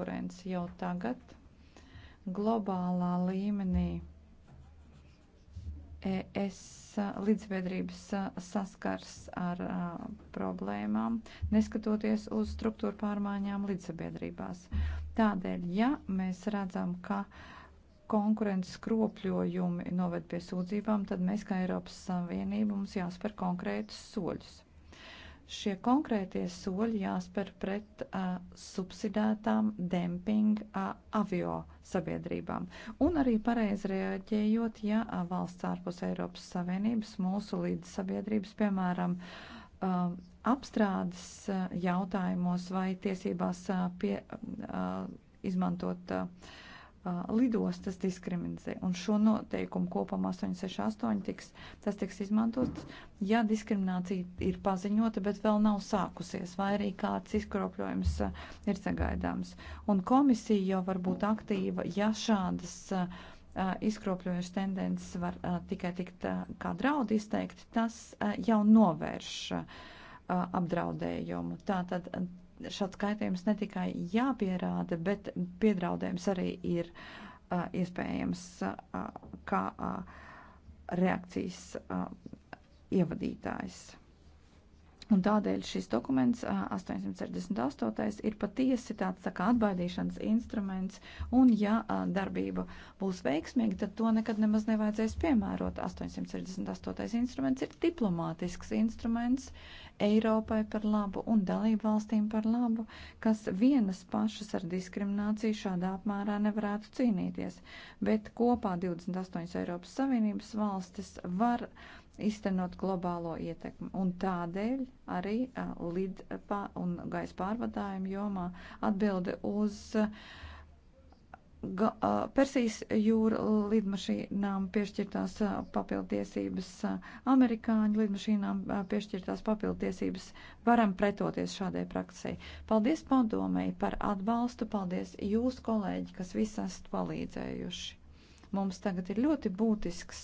konkurence jau tagad globālā līmenī. Es līdzbiedrības saskars ar a, problēmām, neskatoties uz struktūru pārmaiņām līdzsabiedrībās. Tādēļ, ja mēs redzam, ka konkurences skropļojumi noved pie sūdzībām, tad mēs kā Eiropas Savienība mums jāspēr konkrētus soļus. Šie konkrētie soļi jāspēr pret uh, subsidētām dempinga uh, avio sabiedrībām. Un arī pareizi reaģējot, ja uh, valsts ārpus Eiropas Savienības mūsu līdz sabiedrības, piemēram, uh, apstrādes uh, jautājumos vai tiesībās uh, pie, uh, izmantot. Uh, lidostas diskriminē, un šo noteikumu kopumā 868 tiks, tas tiks izmantots, ja diskriminācija ir paziņota, bet vēl nav sākusies, vai arī kāds izkropļojums ir sagaidāms. Un komisija jau var būt aktīva, ja šādas izkropļojušas tendences var tikai tikt kā draudu izteikti, tas jau novērš apdraudējumu. Tātad šāds kaitējums ne tikai jāpierāda, bet piedraudējums arī ir uh, iespējams uh, kā uh, reakcijas uh, ievadītājs. Un tādēļ šis dokuments, 868. ir patiesi tāds tā kā atbaidīšanas instruments, un ja darbība būs veiksmīga, tad to nekad nemaz nevajadzēs piemērot. 868. instruments ir diplomātisks instruments Eiropai par labu un dalību valstīm par labu, kas vienas pašas ar diskrimināciju šādā apmērā nevarētu cīnīties, bet kopā 28 Eiropas Savienības valstis var iztenot globālo ietekmi. Un tādēļ arī uh, lidpā un gaisa pārvadājuma jomā atbilde uz uh, Persijas jūra lidmašīnām piešķirtās papildiesības, amerikāņu lidmašīnām piešķirtās papildiesības, varam pretoties šādai praksē. Paldies padomēji par atbalstu, paldies jūs kolēģi, kas visi esat palīdzējuši. Mums tagad ir ļoti būtisks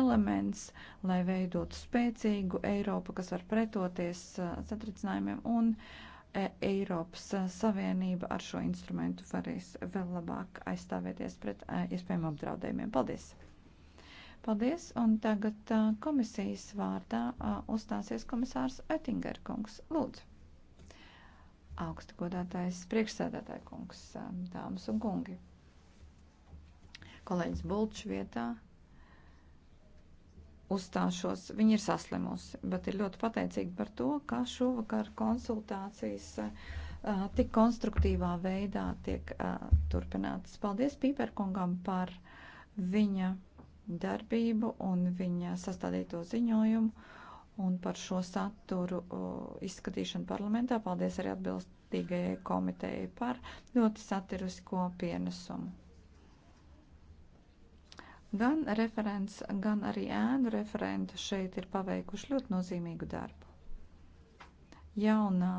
elements, lai veidotu spēcīgu Eiropu, kas var pretoties satricinājumiem un uh, E, Eiropas Savienība ar šo instrumentu varēs vēl labāk aizstāvēties pret e, iespējām apdraudējumiem. Paldies! Paldies, un tagad e, komisijas vārdā uzstāsies komisārs Oettinger kungs. Lūdzu! Augsta godātais priekšsēdētāja kungs, dāmas un kungi! Kolēģis Bulčs vietā uzstāšos. Viņa ir saslimusi, bet ir ļoti pateicīga par to, ka šovakar konsultācijas uh, tik konstruktīvā veidā tiek uh, turpinātas. Paldies Pīperkungam par viņa darbību un viņa sastādīto ziņojumu un par šo saturu uh, izskatīšanu parlamentā. Paldies arī atbilstīgajai komitejai par ļoti satirisko pienesumu. Gan referents, gan arī ēnu referenta šeit ir paveikuši ļoti nozīmīgu darbu. Jaunā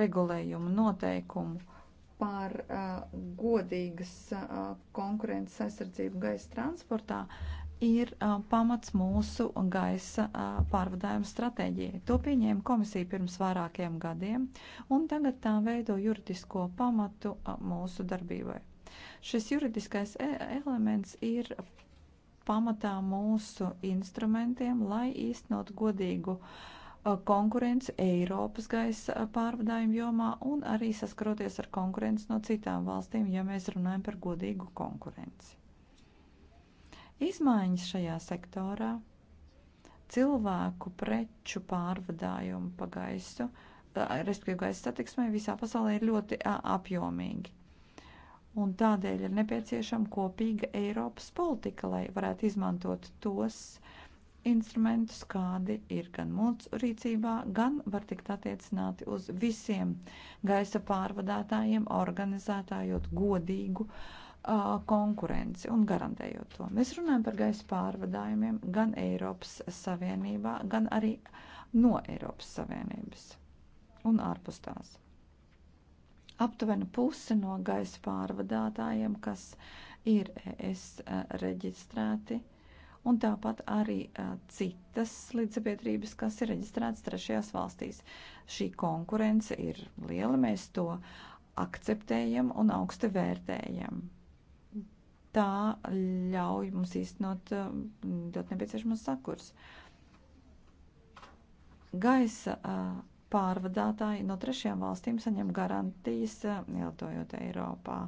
regulējumu noteikumu par uh, godīgas uh, konkurences aizsardzību gaisa transportā ir uh, pamats mūsu gaisa uh, pārvadājuma stratēģijai. To pieņēma komisija pirms vairākiem gadiem, un tagad tā veido juridisko pamatu uh, mūsu darbībai. Šis juridiskais e, elements ir pamatā mūsu instrumentiem, lai īstenot godīgu e, konkurenci Eiropas gaisa e, pārvadājumu jomā un arī saskaroties ar konkurenci no citām valstīm, ja mēs runājam par godīgu konkurenci. Izmaiņas šajā sektorā cilvēku preču pārvadājumu pa gaisu, respektīvi gaisa satiksmē visā pasaulē ir ļoti apjomīgi. Un tādēļ ir nepieciešama kopīga Eiropas politika, lai varētu izmantot tos instrumentus, kādi ir gan mūsu rīcībā, gan var tikt attiecināti uz visiem gaisa pārvadātājiem, organizētājot godīgu uh, konkurenci un garantējot to. Mēs runājam par gaisa pārvadājumiem gan Eiropas Savienībā, gan arī no Eiropas Savienības un ārpus tās aptuveni pusi no gaisa pārvadātājiem, kas ir ES e, reģistrēti, un tāpat arī e, citas līdzsabiedrības, kas ir reģistrētas trešajās valstīs. Šī konkurence ir liela, mēs to akceptējam un augsti vērtējam. Tā ļauj mums īstenot e, ļoti nepieciešamas sakurs. Gaisa uh, pārvadātāji no trešajām valstīm saņem garantijas, eh, ieltojot Eiropā.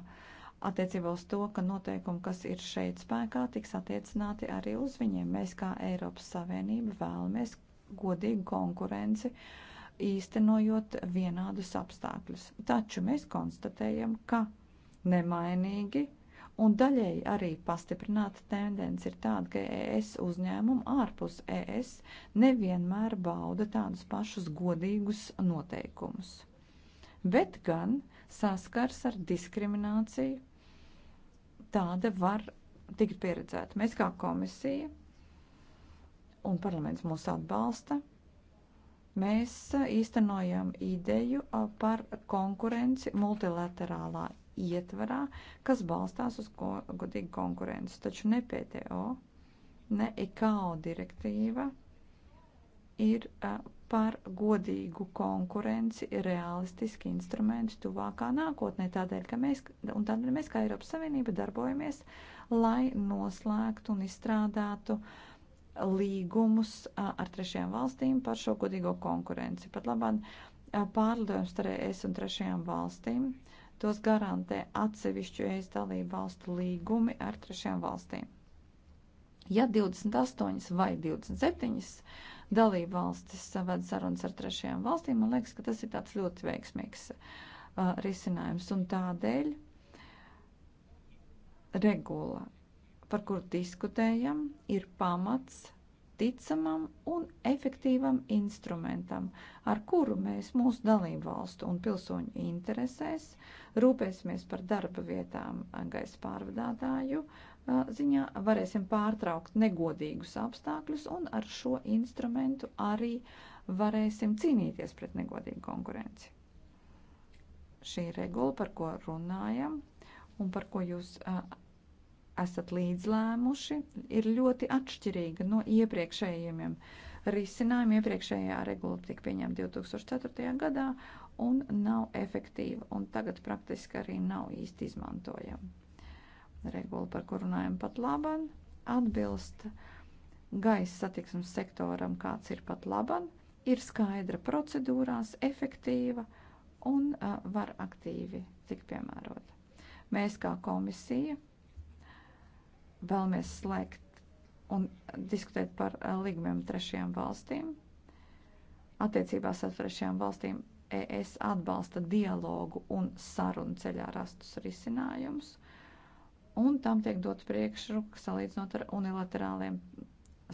Attiecībā uz to, ka noteikumi, kas ir šeit spēkā, tiks attiecināti arī uz viņiem. Mēs kā Eiropas Savienība vēlamies godīgu konkurenci, īstenojot vienādus apstākļus. Taču mēs konstatējam, ka nemainīgi Un daļēji arī pastiprināta tendence ir tāda, ka ES uzņēmumi ārpus ES nevienmēr bauda tādus pašus godīgus noteikumus, bet gan saskars ar diskrimināciju. Tāda var tikt pieredzēta. Mēs kā komisija un parlaments mūs atbalsta. Mēs īstenojam ideju par konkurenci multilaterālā ietvarā, kas balstās uz ko, godīgu konkurenci. Taču ne PTO, ne ICAO direktīva ir uh, par godīgu konkurenci realistiski instrumenti tuvākā nākotnē, tādēļ, ka mēs, un tādēļ mēs kā Eiropas Savienība darbojamies, lai noslēgtu un izstrādātu līgumus uh, ar trešajām valstīm par šo godīgo konkurenci. Pat labāk pārlidojums starp ES un trešajām valstīm Tos garantē atsevišķu ES dalību valstu līgumi ar trešajām valstīm. Ja 28 vai 27 dalību valstis ved sarunas ar trešajām valstīm, man liekas, ka tas ir tāds ļoti veiksmīgs uh, risinājums. Un tādēļ regula, par kuru diskutējam, ir pamats ticamam un efektīvam instrumentam, ar kuru mēs mūsu dalību valstu un pilsoņu interesēs rūpēsimies par darba vietām gaisa pārvadātāju ziņā, varēsim pārtraukt negodīgus apstākļus un ar šo instrumentu arī varēsim cīnīties pret negodīgu konkurenci. Šī regula, par ko runājam un par ko jūs esat līdzlēmuši, ir ļoti atšķirīga no iepriekšējiem risinājumiem. Iepriekšējā regula tika pieņemta 2004. gadā un nav efektīva, un tagad praktiski arī nav īsti izmantojama. Regula, par kuru runājam pat laban, atbilst gaisa satiksmes sektoram, kāds ir pat laban, ir skaidra procedūrās, efektīva un uh, var aktīvi tik piemērota. Mēs kā komisija vēlamies slēgt un diskutēt par eh, līgumiem trešajām valstīm. Attiecībās ar trešajām valstīm ES atbalsta dialogu un sarunu ceļā rastus risinājumus, un tam tiek dots priekšroka salīdzinot ar unilaterāliem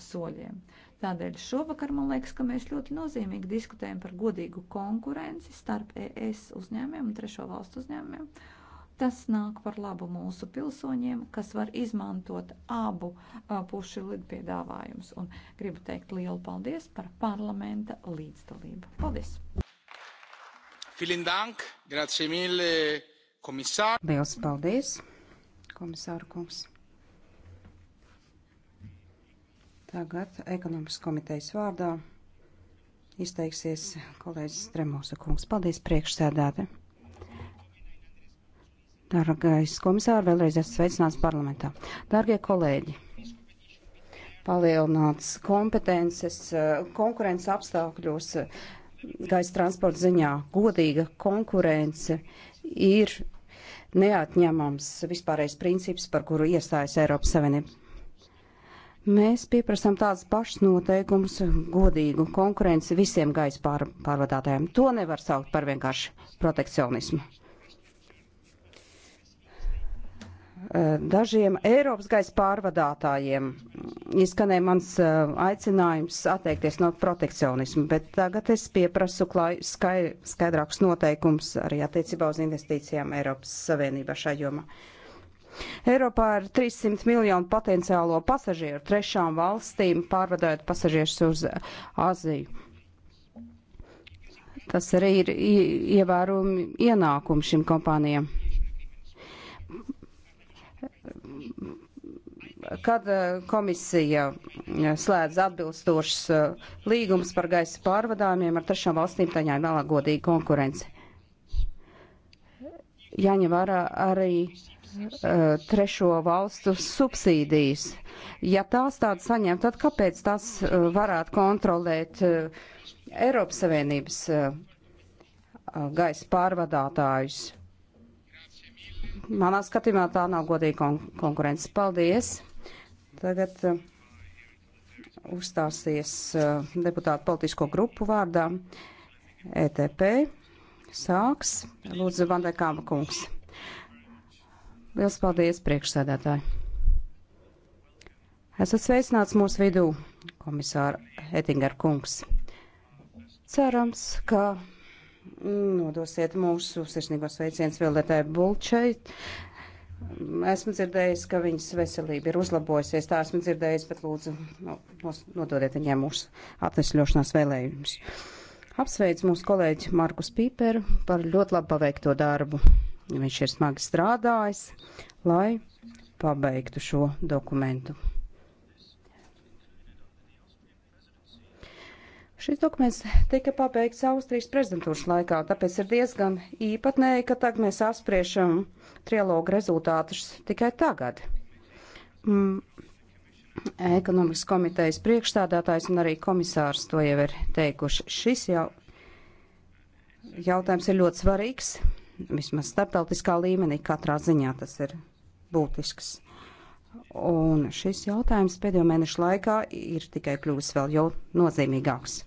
soļiem. Tādēļ šovakar man liekas, ka mēs ļoti nozīmīgi diskutējam par godīgu konkurenci starp ES uzņēmumiem un trešo valstu uzņēmumiem Tas nāk par labu mūsu pilsoņiem, kas var izmantot abu pušu lidpiedāvājumus. Un gribu teikt lielu paldies par parlamenta līdzdalību. Paldies! Vielen Dank, grazie mille, komisār. Liels paldies, komisāra kungs. Tagad ekonomikas komitejas vārdā izteiksies kolēģis Tremosa kungs. Paldies priekšsēdētājai. Dargais komisāri, vēlreiz esmu sveicināts parlamentā. Dargie kolēģi, palielināts kompetences, eh, konkurences apstākļos, eh, gaisa transporta ziņā godīga konkurence ir neatņemams vispārējais princips, par kuru iestājas Eiropas Savienība. Mēs pieprasām tādas pašas noteikumus, godīgu konkurenci visiem gaisa pār, pārvadātājiem. To nevar saukt par vienkārši protekcionismu. Eh, dažiem Eiropas gaisa pārvadātājiem izskanēja mans eh, aicinājums atteikties no protekcionismu, bet tagad es pieprasu skai, skaidrākus noteikums arī attiecībā uz investīcijām Eiropas Savienībā šajā jomā. Eiropā ir 300 miljonu potenciālo pasažieru trešām valstīm pārvadājot pasažierus uz Aziju. Tas arī ir ievērojami ienākumi šim kompānijam. kad eh, komisija eh, slēdz atbilstošs eh, līgums par gaisa pārvadājumiem ar trešām valstīm, tā jāņem vēlāk godīga konkurence. Jāņem vērā arī uh, trešo valstu subsīdijas. Ja tās tādas saņem, tad kāpēc tās uh, varētu kontrolēt uh, Eiropas Savienības gaisa pārvadātājus? Manā skatījumā tā nav godīga kon konkurence. Paldies! Tagad uh, uzstāsies uh, deputāta politisko grupu vārdā ETP. Sāks Lūdzu Vandekāma kungs. Liels paldies, priekšsēdētāji! Esat sveicināts mūsu vidū, komisāra Ettinger kungs. Cerams, ka Nodosiet mūsu sirsnīgos sveicienus Vildetai Bulčai. Esmu dzirdējis, ka viņas veselība ir uzlabojusies, tā esmu dzirdējis, bet lūdzu no, nododiet viņiem mūsu atvesļošanās vēlējumus. Apsveic mūsu kolēģi Markus Pīperu par ļoti labu paveikto darbu. Viņš ir smagi strādājis, lai pabeigtu šo dokumentu. Šis dokuments tika pabeigts Austrijas prezidentūras laikā, tāpēc ir diezgan īpatnēji, ka tagad mēs apspriešam trilogu rezultātus tikai tagad. Mm. Ekonomikas komitejas priekšstādātājs un arī komisārs to jau ir teikuši. Šis jau jautājums ir ļoti svarīgs, vismaz starptautiskā līmenī katrā ziņā tas ir būtisks. Un šis jautājums pēdējo mēnešu laikā ir tikai kļuvis vēl jau nozīmīgāks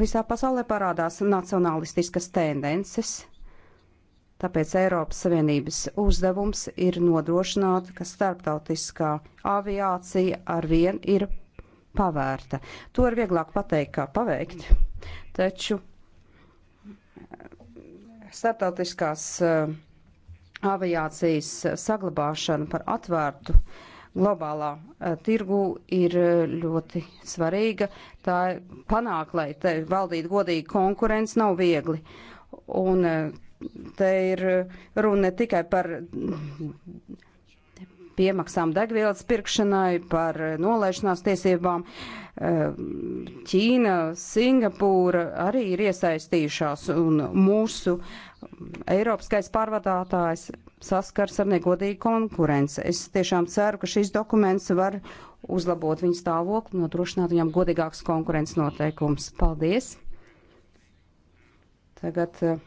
visā pasaulē parādās nacionalistiskas tendences, tāpēc Eiropas Savienības uzdevums ir nodrošināt, ka starptautiskā aviācija arvien ir pavērta. To ir vieglāk pateikt, kā paveikt, taču eh, starptautiskās eh, aviācijas saglabāšana par atvērtu uh, globālā eh, tirgu ir eh, ļoti svarīga. Tā panāk, lai te valdītu godīgi konkurence nav viegli. Un eh, te ir runa ne tikai par piemaksām degvielas pirkšanai, par nolaišanās tiesībām. Ķīna, Singapūra arī ir iesaistījušās un mūsu Eiropas gaisa pārvadātājs saskars ar negodīgu konkurenci. Es tiešām ceru, ka šīs dokuments var uzlabot viņu stāvokli, nodrošināt viņam godīgāks konkurences noteikums. Paldies! Tagad eh,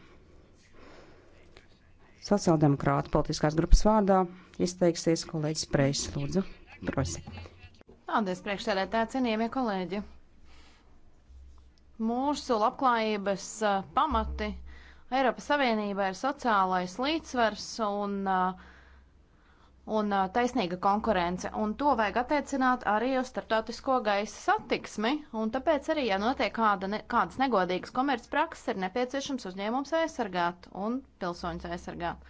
sociāldemokrāta politiskās grupas vārdā izteiksies kolēģis Prejs. Lūdzu, prosi. Paldies, priekšsēdētāji, cienījamie kolēģi! Mūsu labklājības eh, pamati Eiropas Savienībā ir sociālais līdzsvars un, uh, un uh, taisnīga konkurence, un to vajag attiecināt arī uz starptautisko gaisa satiksmi, un tāpēc arī, ja notiek kāda, ne, kādas negodīgas komercprakses, ir nepieciešams uzņēmums aizsargāt un pilsoņus aizsargāt.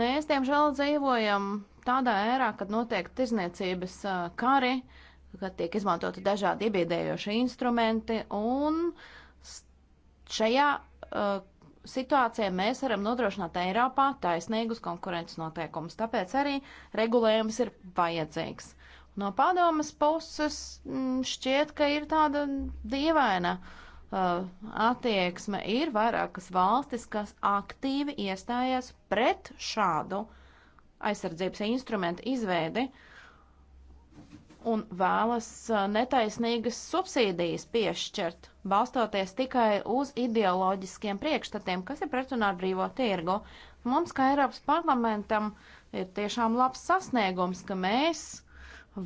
Mēs, diemžēl, dzīvojam tādā ērā, kad notiek tirzniecības uh, kari, kad tiek izmantoti dažādi iebiedējoši instrumenti, un šajā uh, situācijā mēs varam nodrošināt Eiropā taisnīgus konkurences noteikumus. Tāpēc arī regulējums ir vajadzīgs. No padomas puses mm, šķiet, ka ir tāda dīvaina uh, attieksme. Ir vairākas valstis, kas aktīvi iestājas pret šādu aizsardzības instrumentu izveidi un vēlas uh, netaisnīgas subsīdijas piešķirt balstoties tikai uz ideoloģiskiem priekšstatiem, kas ir pretrunā ar brīvo tirgu. Mums, kā Eiropas parlamentam, ir tiešām labs sasniegums, ka mēs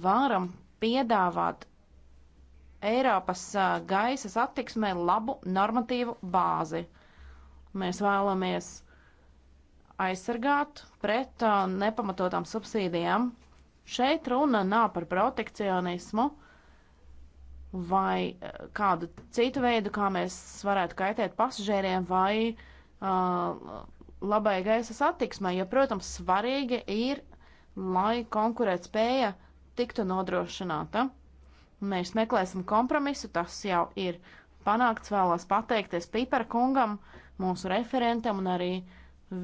varam piedāvāt Eiropas uh, gaisa satiksmē labu normatīvu bāzi. Mēs vēlamies aizsargāt pret uh, nepamatotām subsīdijām. Šeit runa nav par protekcionismu vai eh, kādu citu veidu, kā mēs varētu kaitēt pasažieriem vai uh, labai gaisa satiksmē, jo, protams, svarīgi ir, lai konkurēt spēja tiktu nodrošināta. Mēs meklēsim kompromisu, tas jau ir panākts, vēlos pateikties Pīpera kungam, mūsu referentam un arī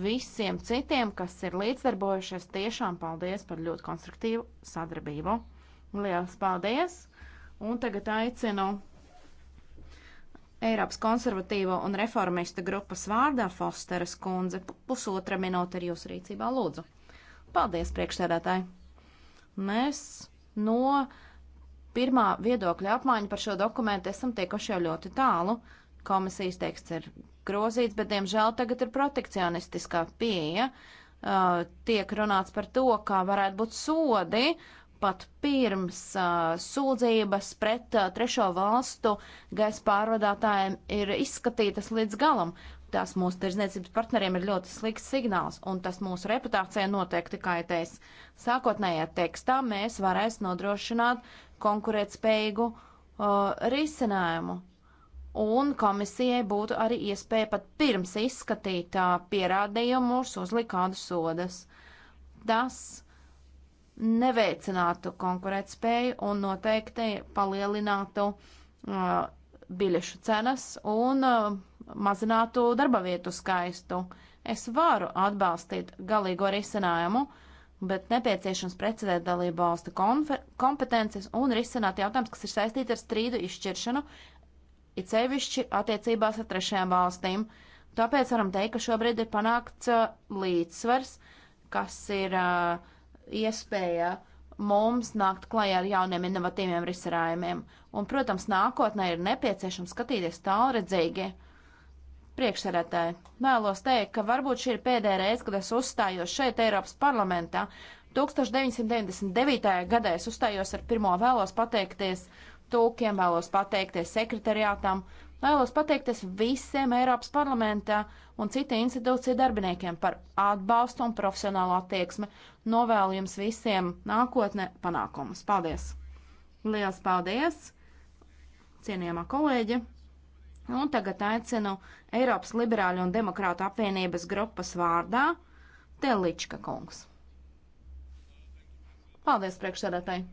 visiem citiem, kas ir līdzdarbojušies. Tiešām paldies par ļoti konstruktīvu sadarbību. Lielas paldies! Un tagad aicinu Eiropas konservatīvo un reformistu grupas vārdā Fosteras kundze pusotra minūte ir jūsu rīcībā lūdzu. Paldies, priekšsēdētāji! Mēs no pirmā viedokļa apmaiņa par šo dokumentu esam tiekuši jau ļoti tālu. Komisijas teksts ir grozīts, bet diemžēl tagad ir protekcionistiskā pieeja. Uh, tiek runāts par to, kā varētu būt sodi uh, pat pirms uh, sūdzības pret uh, trešo valstu gaisa pārvadātājiem ir izskatītas līdz galam. Tas mūsu tirdzniecības partneriem ir ļoti slikts signāls, un tas mūsu reputācijai noteikti kaitēs. Sākotnējā tekstā mēs varēs nodrošināt konkurētspējīgu uh, risinājumu, un komisijai būtu arī iespēja pat pirms izskatīt uh, pierādījumus uzlikt kādu sodas. Tas neveicinātu konkurētspēju un noteikti palielinātu uh, biļešu cenas un uh, mazinātu darba vietu skaistu. Es varu atbalstīt galīgo risinājumu, bet nepieciešams precedēt dalību valstu kompetences un risināt jautājumus, kas ir saistīti ar strīdu izšķiršanu, it sevišķi attiecībās ar trešajām valstīm. Tāpēc varam teikt, ka šobrīd ir panākts uh, līdzsvars, kas ir uh, iespēja mums nākt klajā ar jauniem innovatīviem risinājumiem. Un, protams, nākotnē ir nepieciešams skatīties tālredzīgi. Priekšsēdētāji, vēlos teikt, ka varbūt šī ir pēdējā reize, kad es uzstājos šeit Eiropas parlamentā. 1999. gadā es uzstājos ar pirmo vēlos pateikties tūkiem, vēlos pateikties sekretariātam, Vēlos pateikties visiem Eiropas parlamentā un citu institūciju darbiniekiem par atbalstu un profesionālu attieksmi. Novēlu jums visiem nākotnē panākumus. Paldies! Lielas paldies, cienījamā kolēģi! Un tagad aicinu Eiropas Liberāļu un Demokrātu apvienības grupas vārdā Telička kungs. Paldies priekšsēdētāji!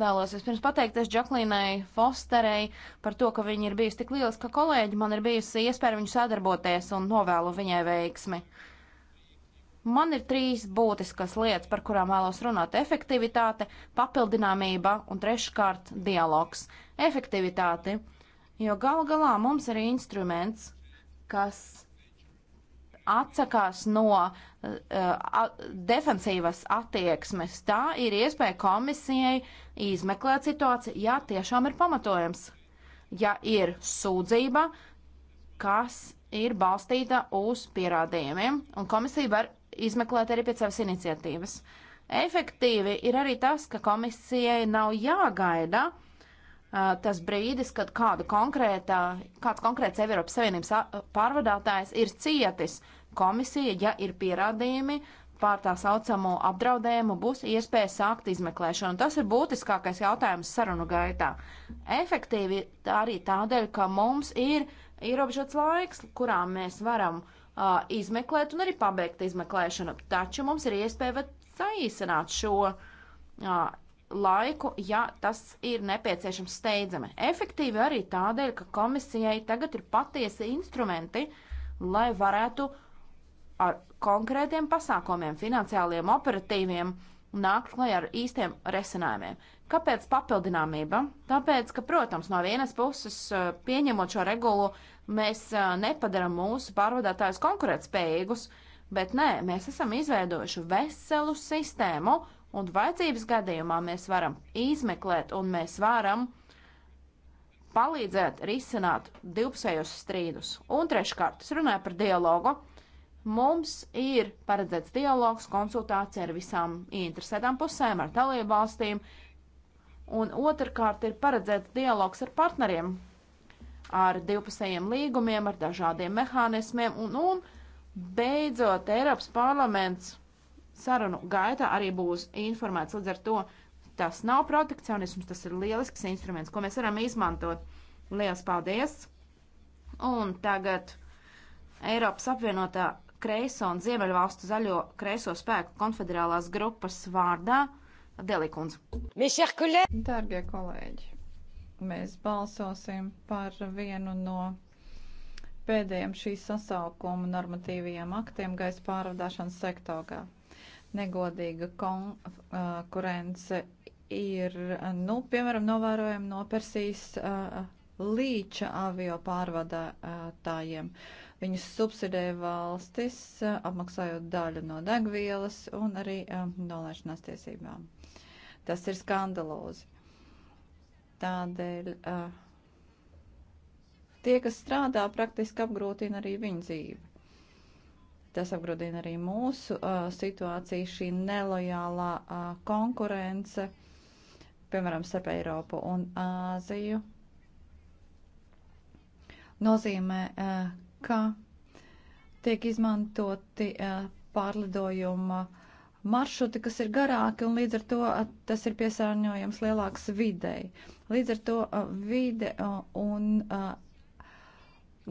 Vēlos es pirms pateikties Džaklīnai Fosterei par to, ka viņa ir bijusi tik lieliska kolēģi, man ir bijusi iespēja viņu sadarboties un novēlu viņai veiksmi. Man ir trīs būtiskas lietas, par kurām vēlos runāt - efektivitāte, papildināmība un treškārt dialogs. Efektivitāte, jo gal galā mums ir instruments, kas atsakās no uh, defensīvas attieksmes. Tā ir iespēja komisijai izmeklēt situāciju, ja tiešām ir pamatojums. Ja ir sūdzība, kas ir balstīta uz pierādījumiem, un komisija var izmeklēt arī pēc savas iniciatīvas. Efektīvi ir arī tas, ka komisijai nav jāgaida uh, Uh, tas brīdis, kad kāda konkrētā, kāds konkrēts Eiropas Savienības pārvadātājs ir cietis. Komisija, ja ir pierādījumi pār tā saucamo apdraudējumu, būs iespēja sākt izmeklēšanu. Tas ir būtiskākais jautājums sarunu gaitā. Efektīvi tā arī tādēļ, ka mums ir ierobežots laiks, kurā mēs varam uh, izmeklēt un arī pabeigt izmeklēšanu. Taču mums ir iespēja saīsināt šo uh, laiku, ja tas ir nepieciešams steidzami. Efektīvi arī tādēļ, ka komisijai tagad ir patiesi instrumenti, lai varētu ar konkrētiem pasākumiem, finansiāliem, operatīviem, nākt klajā ar īstiem risinājumiem. Kāpēc papildināmība? Tāpēc, ka, protams, no vienas puses, eh, pieņemot šo regulu, mēs eh, nepadaram mūsu pārvadātājus konkurētspējīgus, bet nē, mēs esam izveidojuši veselu sistēmu, Un vajadzības gadījumā mēs varam izmeklēt un mēs varam palīdzēt risināt divpusējos strīdus. Un treškārt, es runāju par dialogu. Mums ir paredzēts dialogs, konsultācija ar visām interesētām pusēm, ar dalību valstīm, un otrkārt ir paredzēts dialogs ar partneriem, ar divpusējiem līgumiem, ar dažādiem mehānismiem, un, un beidzot Eiropas parlaments sarunu gaitā arī būs informēts. Līdz ar to tas nav protekcionisms, tas ir lielisks instruments, ko mēs varam izmantot. Lielas paldies! Un tagad Eiropas apvienotā kreiso un Ziemeļvalstu zaļo kreiso spēku konfederālās grupas vārdā Delikums. Dargie kolēģi, mēs balsosim par vienu no pēdējiem šīs sasaukuma normatīvajiem aktiem gaisa pārvadāšanas sektorā negodīga uh, konkurence ir, uh, nu, piemēram, novērojama no Persijas uh, līča avio pārvadātājiem. Viņus subsidē valstis, uh, apmaksājot daļu no degvielas un arī uh, nolaišanās tiesībām. Tas ir skandalozi. Tādēļ uh, tie, kas strādā, praktiski apgrūtina arī viņu dzīvi. Tas apgrūtina arī mūsu uh, situāciju, šī nelojālā uh, konkurence, piemēram, starp Eiropu un Āziju, nozīmē, uh, ka tiek izmantoti uh, pārlidojuma maršruti, kas ir garāki, un līdz ar to uh, tas ir piesārņojams lielāks videi. Līdz ar to uh, vide uh, un uh,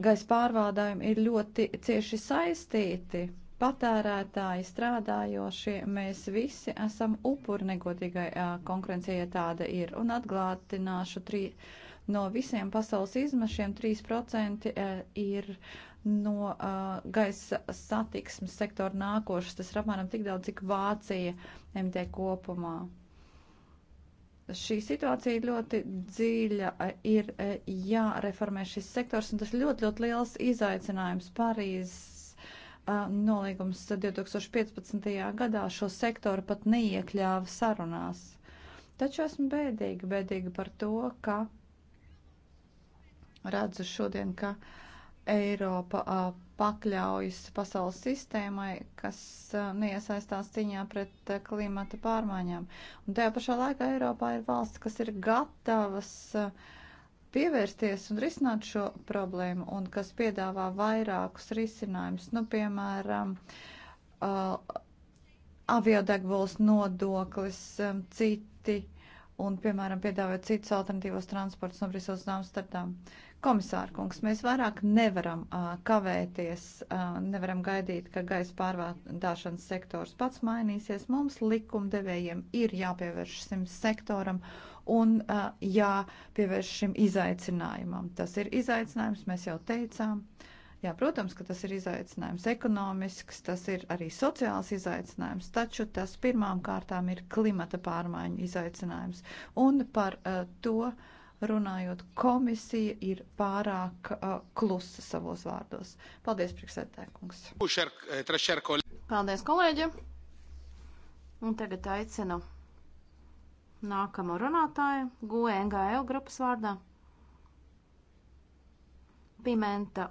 gaisa pārvādājumi ir ļoti cieši saistīti. Patērētāji, strādājošie, mēs visi esam upuri negodīgai konkurencei, ja tāda ir. Un atglātināšu trī, no visiem pasaules izmešiem 3% ir no uh, gaisa satiksmes sektora nākošas. Tas ir apmēram tik daudz, cik Vācija MT kopumā šī situācija ļoti dziļa, ir jāreformē šis sektors, un tas ļoti, ļoti liels izaicinājums Parīzes nolīgums 2015. gadā šo sektoru pat neiekļāva sarunās. Taču esmu bēdīga, bēdīga par to, ka redzu šodien, ka uh, Eiropa pakļaujas pasaules sistēmai, kas neiesaistās ciņā pret klimata pārmaiņām. Un tajā pašā laikā Eiropā ir valsts, kas ir gatavas pievērsties un risināt šo problēmu un kas piedāvā vairākus risinājumus. Nu, piemēram, uh, aviodegvielas nodoklis, um, citi un, piemēram, piedāvāt citus alternatīvos transportus no Briseles un Amsterdam. Uh, Komisārkungs, mēs vairāk nevaram uh, kavēties, uh, nevaram gaidīt, ka gaisa pārvādāšanas sektors pats mainīsies. Mums likumdevējiem ir jāpievērš šim sektoram un uh, jāpievērš šim izaicinājumam. Tas ir izaicinājums, mēs jau teicām. Jā, protams, ka tas ir izaicinājums ekonomisks, tas ir arī sociāls izaicinājums, taču tas pirmām kārtām ir klimata pārmaiņu izaicinājums. Un par uh, to. Uh, runājot, komisija ir pārāk uh, klusa savos vārdos. Paldies, priekšsēdētājkungs. Eh, Paldies, kolēģi. Un tagad aicinu nākamo runātāju, GUE NGL grupas vārdā. Pimenta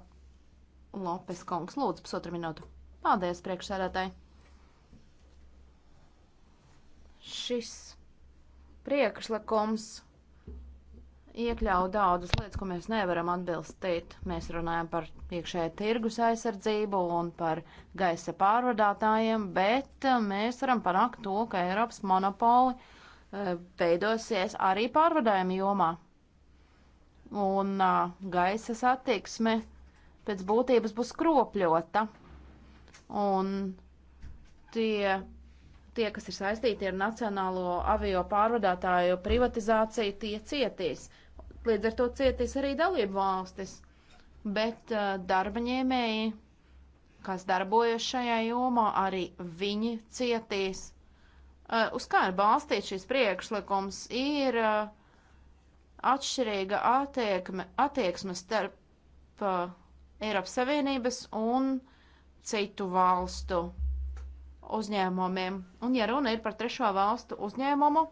Lopes kungs, lūdzu, pusotru minūtu. Paldies, priekšsēdētāji. Šis priekšlikums iekļauj daudzas lietas, ko mēs nevaram atbilstīt. Mēs runājam par iekšējā tirgus aizsardzību un par gaisa pārvadātājiem, bet eh, mēs varam panākt to, ka Eiropas monopoli eh, veidosies arī pārvadājuma jomā. Un uh, gaisa satiksme pēc būtības būs kropļota. Un tie tie, kas ir saistīti ar nacionālo avio pārvadātāju privatizāciju, tie cietīs. Līdz ar to cietīs arī dalību valstis. Bet uh, darba ņēmēji, kas darbojas šajā jomā, arī viņi cietīs. Uh, uz kā ir balstīts šis priekšlikums? Ir uh, atšķirīga attiekme, attieksme starp uh, Eiropas Savienības un citu valstu uzņēmumiem. Un ja runa ir par trešo valstu uzņēmumu,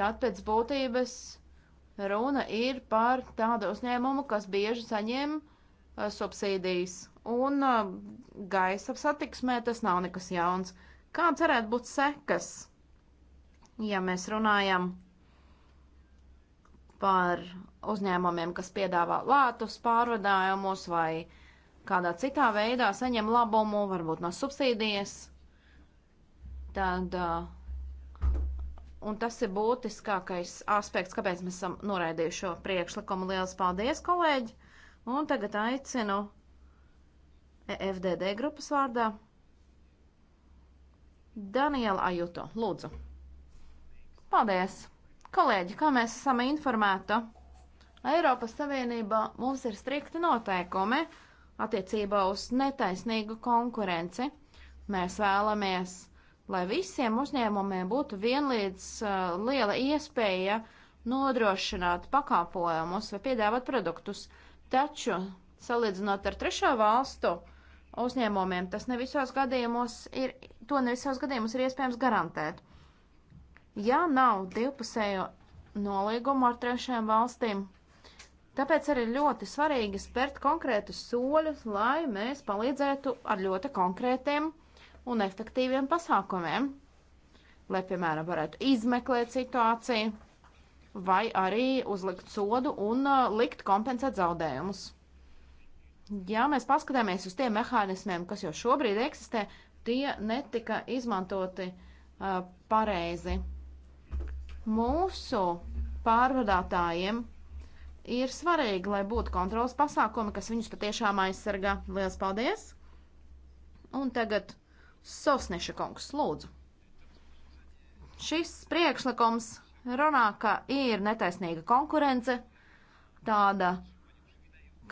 tad pēc būtības runa ir par tādu uzņēmumu, kas bieži saņem uh, subsīdijas. Un uh, gaisa satiksmē tas nav nekas jauns. Kāds varētu būt sekas, ja mēs runājam par uzņēmumiem, kas piedāvā lētus pārvadājumus vai kādā citā veidā saņem labumu, varbūt no subsīdijas? Tad, un tas ir būtiskākais aspekts, kāpēc mēs esam noraidījuši šo priekšlikumu. Lielas paldies, kolēģi! Un tagad aicinu e FDD grupas vārdā Daniela Ajuto. Lūdzu! Paldies! Kolēģi, kā mēs esam informēti, Eiropas Savienībā mums ir strikti noteikumi attiecībā uz netaisnīgu konkurenci. Mēs vēlamies lai visiem uzņēmumiem būtu vienlīdz uh, liela iespēja nodrošināt pakāpojumus vai piedāvāt produktus. Taču, salīdzinot ar trešo valstu uzņēmumiem, tas ne visos gadījumos ir, to ne visos gadījumos ir iespējams garantēt. Ja nav divpusējo nolīgumu ar trešajām valstīm, Tāpēc arī ļoti svarīgi spērt konkrētus soļus, lai mēs palīdzētu ar ļoti konkrētiem uh, un efektīviem pasākumiem, lai, piemēram, varētu izmeklēt situāciju vai arī uzlikt sodu un uh, likt kompensēt zaudējumus. Ja mēs paskatāmies uz tiem mehānismiem, kas jau šobrīd eksistē, tie netika izmantoti uh, pareizi. Mūsu pārvadātājiem ir svarīgi, lai būtu kontrolas pasākumi, kas viņus patiešām aizsargā. Lielas paldies! Un tagad Sosneša kungs, lūdzu. Šis priekšlikums runā, ka ir netaisnīga konkurence, tāda,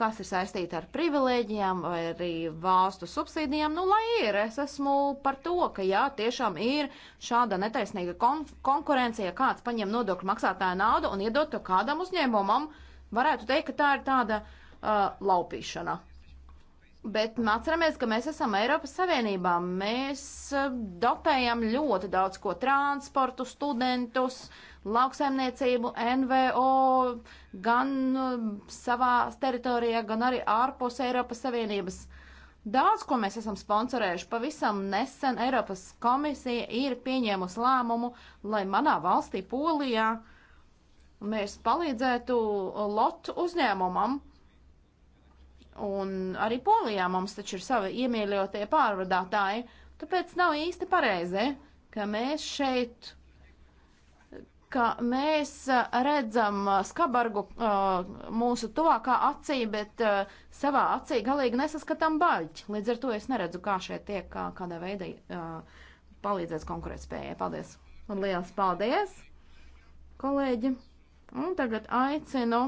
kas ir saistīta ar privilēģijām vai arī valstu subsīdijām. Nu, lai ir, es esmu par to, ka jā, tiešām ir šāda netaisnīga kon konkurence, ja kāds paņem nodokļu maksātāju naudu un iedot to kādam uzņēmumam, varētu teikt, ka tā ir tāda uh, laupīšana. Bet atceramies, ka mēs esam Eiropas Savienībā. Mēs eh, dopējam ļoti daudz ko - transportu, studentus, lauksaimniecību, NVO, gan eh, savā teritorijā, gan arī ārpus Eiropas Savienības. Daudz ko mēs esam sponsorējuši. Pavisam nesen Eiropas komisija ir pieņēmusi lēmumu, lai manā valstī Polijā mēs palīdzētu lotu uzņēmumam Un arī Polijā mums taču ir savi iemīļotie pārvadātāji, tāpēc nav īsti pareizi, ka mēs šeit, ka mēs uh, redzam uh, skabargu uh, mūsu tuvākā acī, bet uh, savā acī galīgi nesaskatām baļķi. Līdz ar to es neredzu, kā šeit tiek kā, kādā veidā uh, palīdzēts konkurētspējai. Paldies! Un liels paldies, kolēģi! Un tagad aicinu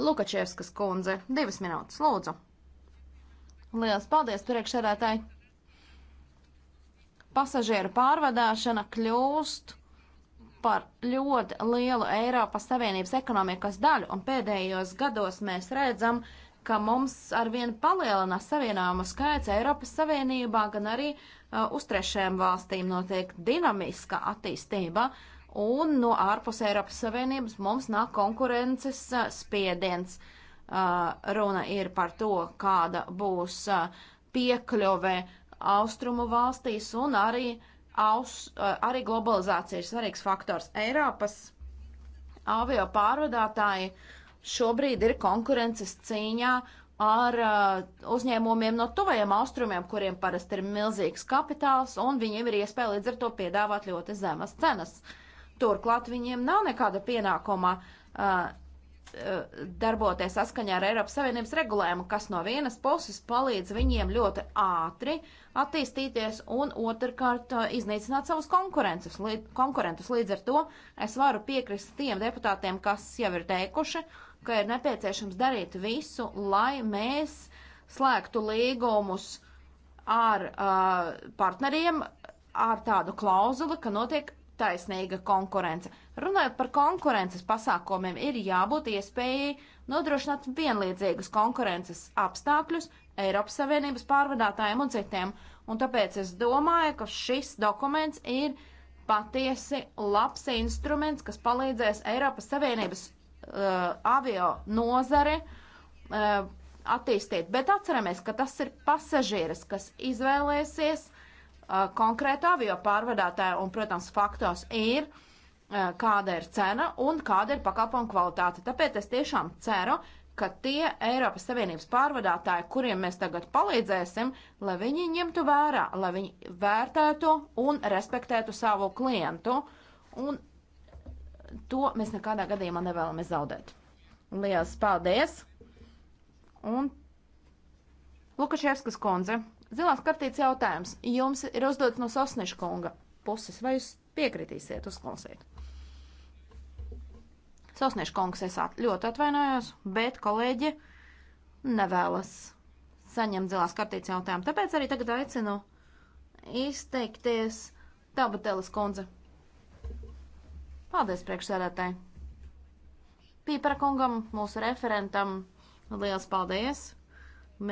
Lukačevskas kundze, divas minūtes, lūdzu. Lielas paldies, priekšsēdētāji! Pasažieru pārvadāšana kļūst par ļoti lielu Eiropas Savienības ekonomikas daļu, un pēdējos gados mēs redzam, ka mums arvien palielinās savienojumu skaits Eiropas Savienībā, gan arī uh, uz trešajām valstīm notiek dinamiska attīstība. Uh, un no ārpus Eiropas Savienības mums nāk konkurences spiediens. Runa ir par to, kāda būs piekļuve austrumu valstīs un arī, aus, arī globalizācija ir svarīgs faktors. Eiropas avio pārvadātāji šobrīd ir konkurences cīņā ar uh, uzņēmumiem no tuvajiem austrumiem, kuriem parasti ir milzīgs kapitāls, un viņiem ir iespēja līdz ar to piedāvāt ļoti zemas cenas. Uh, Turklāt viņiem nav nekāda pienākuma uh, uh, darboties saskaņā ar Eiropas Savienības regulējumu, kas no vienas puses palīdz viņiem ļoti ātri attīstīties un otrkārt uh, iznīcināt savus konkurentus. Līd, konkurentus līdz ar to es varu piekrist tiem deputātiem, kas jau ir teikuši, ka ir nepieciešams darīt visu, lai mēs slēgtu līgumus ar uh, partneriem ar tādu klauzuli, ka notiek taisnīga konkurence. Runājot par konkurences pasākumiem, ir jābūt iespējai nodrošināt vienlīdzīgus konkurences apstākļus Eiropas Savienības pārvadātājiem un citiem. Un tāpēc es domāju, ka šis dokuments ir patiesi labs instruments, kas palīdzēs Eiropas Savienības uh, avio nozari uh, attīstīt. Bet atceramies, ka tas ir pasažieris, kas izvēlēsies Uh, konkrēta avio pārvadātāja, un, protams, faktos ir, uh, kāda ir cena un kāda ir pakalpojuma kvalitāte. Tāpēc es tiešām ceru, ka tie Eiropas Savienības pārvadātāji, kuriem mēs tagad palīdzēsim, lai viņi ņemtu vērā, lai viņi vērtētu un respektētu savu klientu, un to mēs nekādā gadījumā nevēlamies zaudēt. Lielas paldies! Un Lukašievskas konze. Zilās kartītes jautājums jums ir uzdots no Sosniškunga puses. Vai jūs piekritīsiet uzklausīt? Sosniškungs, es at ļoti atvainojos, bet kolēģi nevēlas saņemt zilās kartītes jautājumu. Tāpēc arī tagad aicinu izteikties Tabateles kundze. Paldies priekšsēdētāji. Pīpera kungam, mūsu referentam, liels paldies.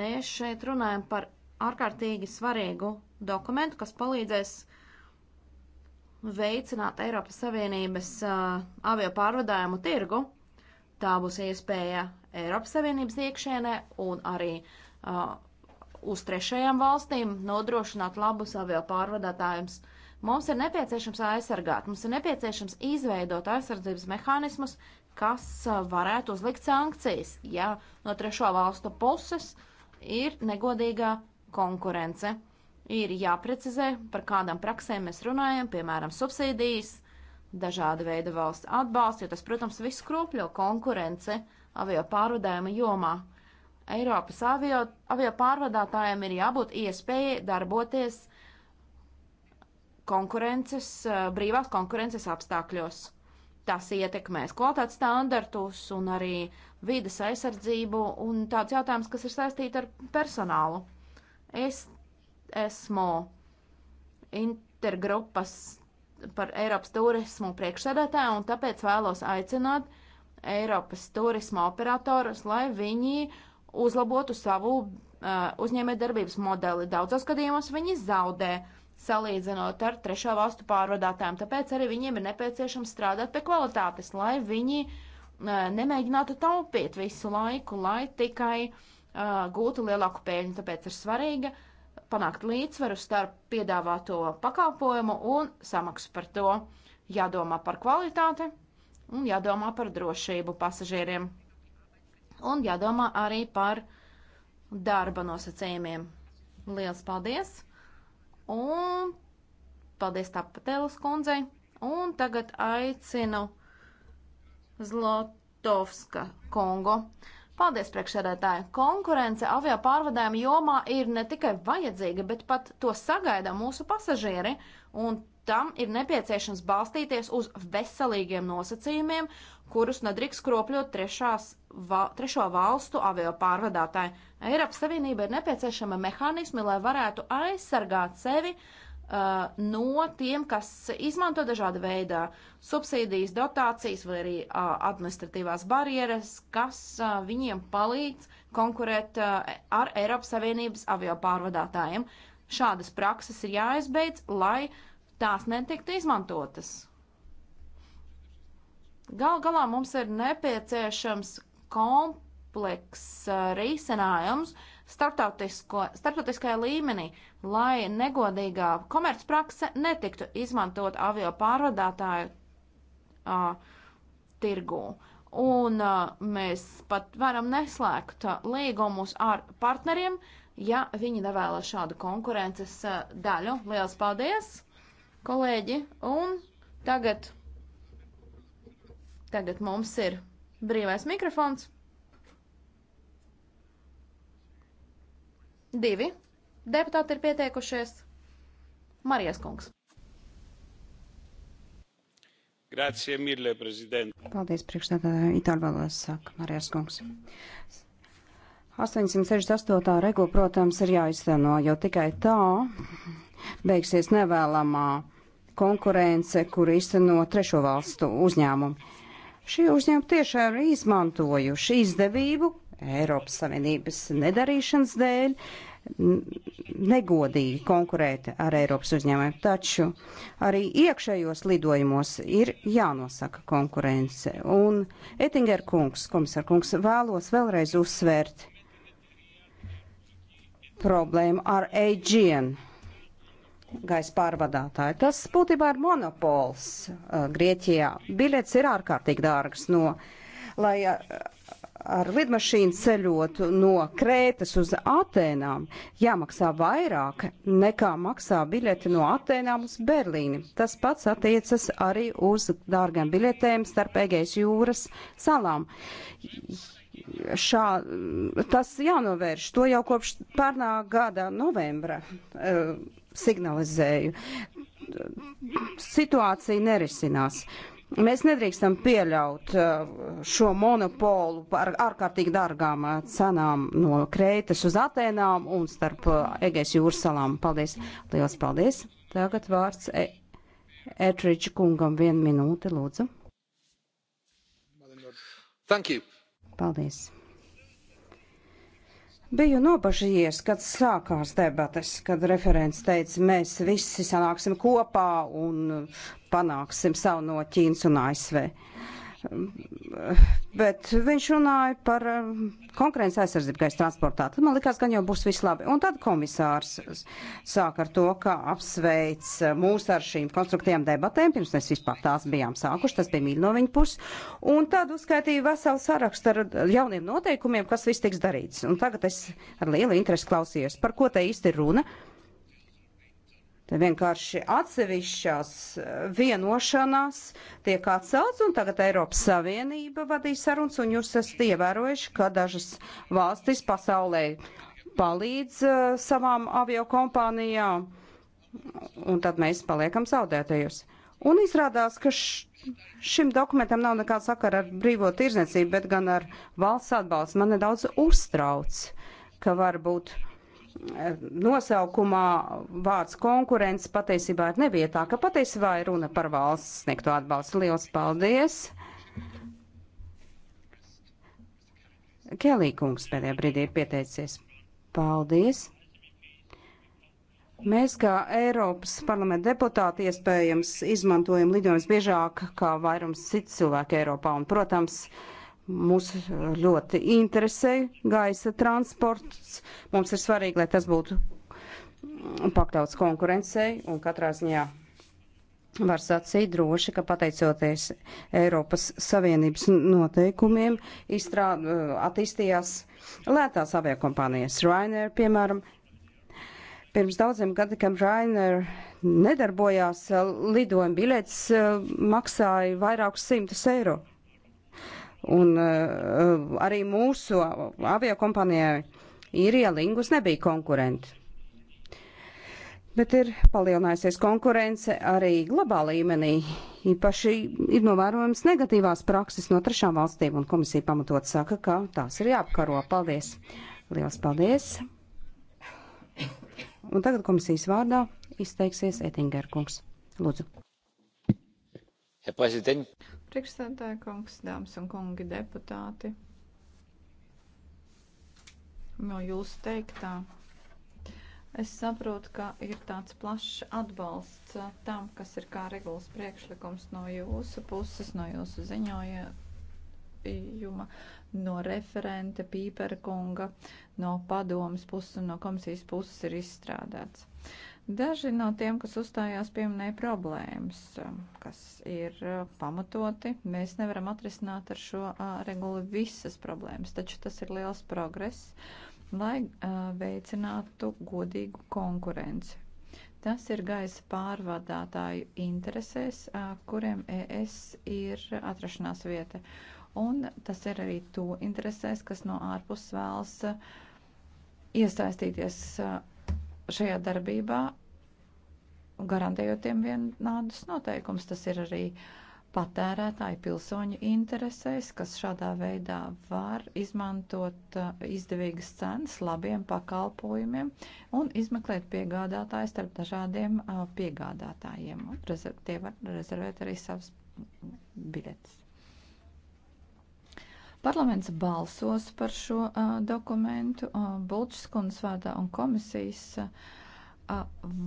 Mēs šeit runājam par ārkārtīgi svarīgu dokumentu, kas palīdzēs veicināt Eiropas Savienības uh, avio pārvadājumu tirgu. Tā būs iespēja Eiropas Savienības iekšēnē un arī uh, uz trešajām valstīm nodrošināt labus avio pārvadātājums. Mums ir nepieciešams aizsargāt, mums ir nepieciešams izveidot aizsardzības mehānismus, kas varētu uzlikt sankcijas, ja no trešo valstu puses ir negodīgā konkurence. Ir jāprecizē, par kādām praksēm mēs runājam, piemēram, subsīdijas, dažāda veida valsts atbalsts, jo tas, protams, viss kropļo konkurence avio pārvadājuma jomā. Eiropas avio, avio pārvadātājiem ir jābūt iespēja darboties konkurences, eh, brīvās konkurences apstākļos. Tas ietekmēs kvalitātes standartus un arī vides aizsardzību un tāds jautājums, kas ir saistīts ar personālu. Es esmu intergrupas par Eiropas turismu priekšsēdētāju, un tāpēc vēlos aicināt Eiropas turisma operatorus, lai viņi uzlabotu savu uh, uzņēmējdarbības modeli. Daudzos gadījumos viņi zaudē salīdzinot ar trešo valstu pārvadātājiem, tāpēc arī viņiem ir nepieciešams strādāt pie kvalitātes, lai viņi uh, nemēģinātu taupīt visu laiku, lai tikai uh, gūtu lielāku peļņu, tāpēc ir svarīga panākt līdzsvaru starp piedāvāto pakalpojumu un samaksu par to. Jādomā par kvalitāti un jādomā par drošību pasažieriem. Un jādomā arī par darba nosacījumiem. Liels paldies! Un paldies Tapatēlas kundzei! Un tagad aicinu Zlotovska Kongo. Paldies, priekšsēdētāji! Konkurence avio pārvadājuma jomā ir ne tikai vajadzīga, bet pat to sagaida mūsu pasažieri, un tam ir nepieciešams balstīties uz veselīgiem nosacījumiem, kurus nedrīkst kropļot trešās, va, trešo valstu avio pārvadātāji. Eiropas Savienība ir nepieciešama mehānismi, lai varētu aizsargāt sevi Uh, no tiem, kas izmanto dažāda veidā subsīdijas, dotācijas vai arī uh, administratīvās barjeras, kas uh, viņiem palīdz konkurēt ar Eiropas Savienības avio pārvadātājiem. Šādas prakses ir jāizbeidz, lai tās netiktu izmantotas. Gal galā mums ir nepieciešams komplekss risinājums starptautiskajā līmenī, uh, lai negodīgā komercprakse netiktu izmantot avio pārvadātāju uh, tirgū. Un uh, mēs pat varam neslēgt uh, līgumus ar partneriem, ja viņi nevēlas šādu konkurences uh, daļu. Lielas paldies, kolēģi! Un tagad, tagad mums ir brīvais mikrofons. Divi deputāti ir pieteikušies. Marijas kungs. Grācie, mīļie prezidenti. Paldies, priekšstādā Itāļu valodas saka Marijas kungs. 868. regula, protams, ir jāizteno, jo tikai tā beigsies nevēlamā konkurence, kur izteno trešo valstu uzņēmumu. Šie uzņēmumi tiešām ir izmantojuši izdevību Eiropas Savienības nedarīšanas dēļ, negodīgi konkurēt ar Eiropas uzņēmumiem, taču arī iekšējos lidojumos ir jānosaka konkurence. Un Ettinger kungs, komisār kungs, vēlos vēlreiz uzsvērt problēmu ar Aegean gaisa pārvadātāju. Tas būtībā ir monopols uh, Grieķijā. Biļets ir ārkārtīgi dārgs no, lai uh, ar lidmašīnu ceļot no Krētas uz Atēnām, jāmaksā vairāk nekā maksā biļeti no Atēnām uz Berlīni. Tas pats attiecas arī uz dārgiem biļetēm starp Egejas jūras salām. Šā, tas jānovērš, to jau kopš pērnā gada novembra uh, signalizēju. Situācija nerisinās. Uh, Mēs nedrīkstam pieļaut uh, šo monopolu par ārkārtīgi dārgām uh, cenām no Kreitas uz Atēnām un starp uh, Egejas jūras salām. Paldies! Lielas paldies! Tagad vārds e Etriča kungam vienu minūti, lūdzu. Thank you. Paldies! Biju nobažījies, kad sākās debates, kad referents teica, mēs visi sanāksim kopā un uh, panāksim savu no Ķīnas un ASV. Uh, Bet viņš runāja par um, konkurences aizsardzību gaisa transportā. Tad man likās, ka jau būs viss labi. Un tad komisārs sāk ar to, ka apsveic mūs ar šīm konstruktīvām debatēm, pirms mēs vispār tās bijām sākuši, tas bija mīļi no viņa puses. Un tad uzskaitīja veselu sarakstu ar jauniem noteikumiem, kas viss tiks darīts. Un tagad es ar lielu interesi klausījos, par ko te īsti runa. Uh, Te vienkārši atsevišķās eh, vienošanās tiek atcelts, un tagad Eiropas Savienība vadīs sarunas, un jūs esat ievērojuši, ka dažas valstis pasaulē palīdz uh, savām avio kompānijām, un tad mēs paliekam zaudētajos. Un izrādās, ka šim dokumentam nav nekāda sakara ar brīvo tirzniecību, bet gan ar valsts atbalstu. Man nedaudz uztrauc, ka varbūt nosaukumā vārds konkurence patiesībā ir nevietā, ka patiesībā ir runa par valsts sniegto atbalstu. Liels paldies! Kelī kungs pēdējā brīdī ir pieteicies. Paldies! Mēs, kā Eiropas parlamenta deputāti, iespējams izmantojam lidojumus biežāk kā vairums citu cilvēku Eiropā. Un, protams, uh, Mūs ļoti interesē gaisa transports. Mums ir svarīgi, lai tas būtu pakļauts konkurencei un katrā ziņā var sacīt droši, ka pateicoties Eiropas Savienības noteikumiem, izstrād, attīstījās lētās aviokompānijas Ryanair, piemēram. Pirms daudziem gadiem, kad Ryanair nedarbojās, lidojuma biļetes eh, maksāja vairākus simtus eiro. Un uh, arī mūsu aviokompanijai īrija Lingus nebija konkurenti. Bet ir palielinājusies konkurence arī globāla līmenī. Īpaši ir novērojams negatīvās prakses no trešām valstīm, un komisija pamatot saka, ka tās ir jāapkaro. Paldies! Lielas paldies! Un tagad komisijas vārdā izteiksies Ettinger kungs. Lūdzu. Priekšstādāja kungs, dāmas un kungi deputāti. No jūsu teiktā es saprotu, ka ir tāds plašs atbalsts uh, tam, kas ir kā regulas priekšlikums no jūsu puses, no jūsu ziņojuma pētījuma, no referenta Pīpera kunga, no padomas puses un no komisijas puses ir izstrādāts. Daži no tiem, kas uzstājās, pieminēja problēmas, kas ir uh, pamatoti. Mēs nevaram atrisināt ar šo uh, regulu visas problēmas, taču tas ir liels progress, lai uh, veicinātu godīgu konkurenci. Tas ir gaisa pārvadātāju interesēs, kuriem ES ir atrašanās vieta. Un tas ir arī to interesēs, kas no ārpus vēlas iesaistīties šajā darbībā garantējot tiem vienādus noteikumus. Tas ir arī patērētāji pilsoņu interesēs, kas šādā veidā var izmantot uh, izdevīgas cenas labiem pakalpojumiem un izmeklēt piegādātājus starp dažādiem uh, piegādātājiem. Rezerv, tie var rezervēt arī savus biļetes. Parlaments balsos par šo uh, dokumentu. Uh, Bulčs kundzes vārdā un komisijas uh,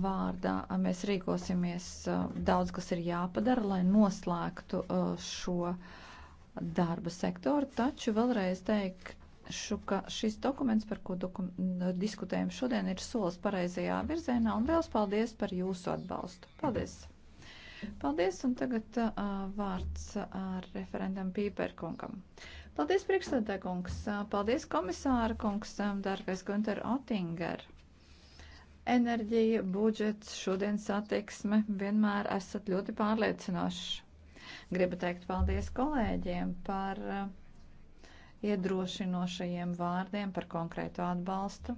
vārdā mēs rīkosimies. Daudz kas ir jāpadara, lai noslēgtu šo darba sektoru, taču vēlreiz teikšu, ka šis dokuments, par ko dokum diskutējam šodien, ir solis pareizajā virzienā un liels paldies par jūsu atbalstu. Paldies! Paldies, un tagad uh, vārds uh, referendam Pīperkungam. Paldies, priekšsēdētājkungs, paldies, komisāra kungs, dargais Gunter Otinger enerģija, budžets, šodien satiksme vienmēr esat ļoti pārliecinoši. Gribu teikt paldies kolēģiem par eh, iedrošinošajiem vārdiem, par konkrētu atbalstu.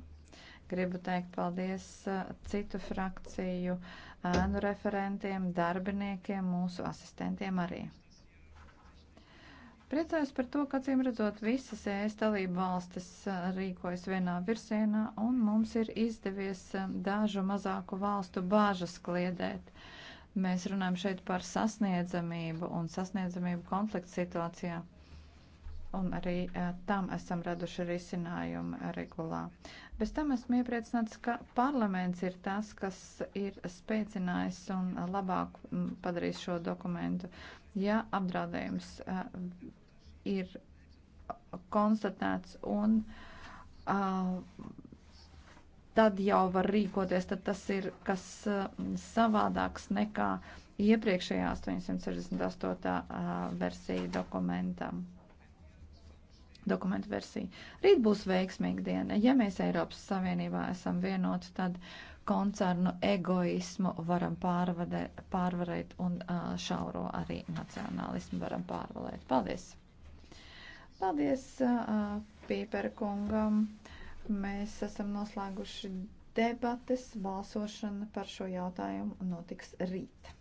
Gribu teikt paldies eh, citu frakciju eh, ēnu referentiem, darbiniekiem, mūsu asistentiem arī. Priecājos par to, ka acīm redzot visas ES dalību valstis rīkojas vienā virsienā un mums ir izdevies dažu mazāku valstu bāžas kliedēt. Mēs runājam šeit par sasniedzamību un sasniedzamību konflikta situācijā. Un arī tam esam raduši risinājumu regulā. Bez tam esmu iepriecināts, ka parlaments ir tas, kas ir spēcinājis un labāk padarījis šo dokumentu ja apdraudējums eh, ir konstatēts un eh, tad jau var rīkoties, tad tas ir kas eh, savādāks nekā iepriekšējā 868. versija dokumentam dokumentu versiju. Rīt būs veiksmīga diena. Ja mēs Eiropas Savienībā esam vienoti, tad koncernu egoismu varam pārvadē, pārvarēt un šauro arī nacionālismu varam pārvarēt. Paldies! Paldies Pīpera kungam! Mēs esam noslēguši debates, balsošana par šo jautājumu notiks rīt.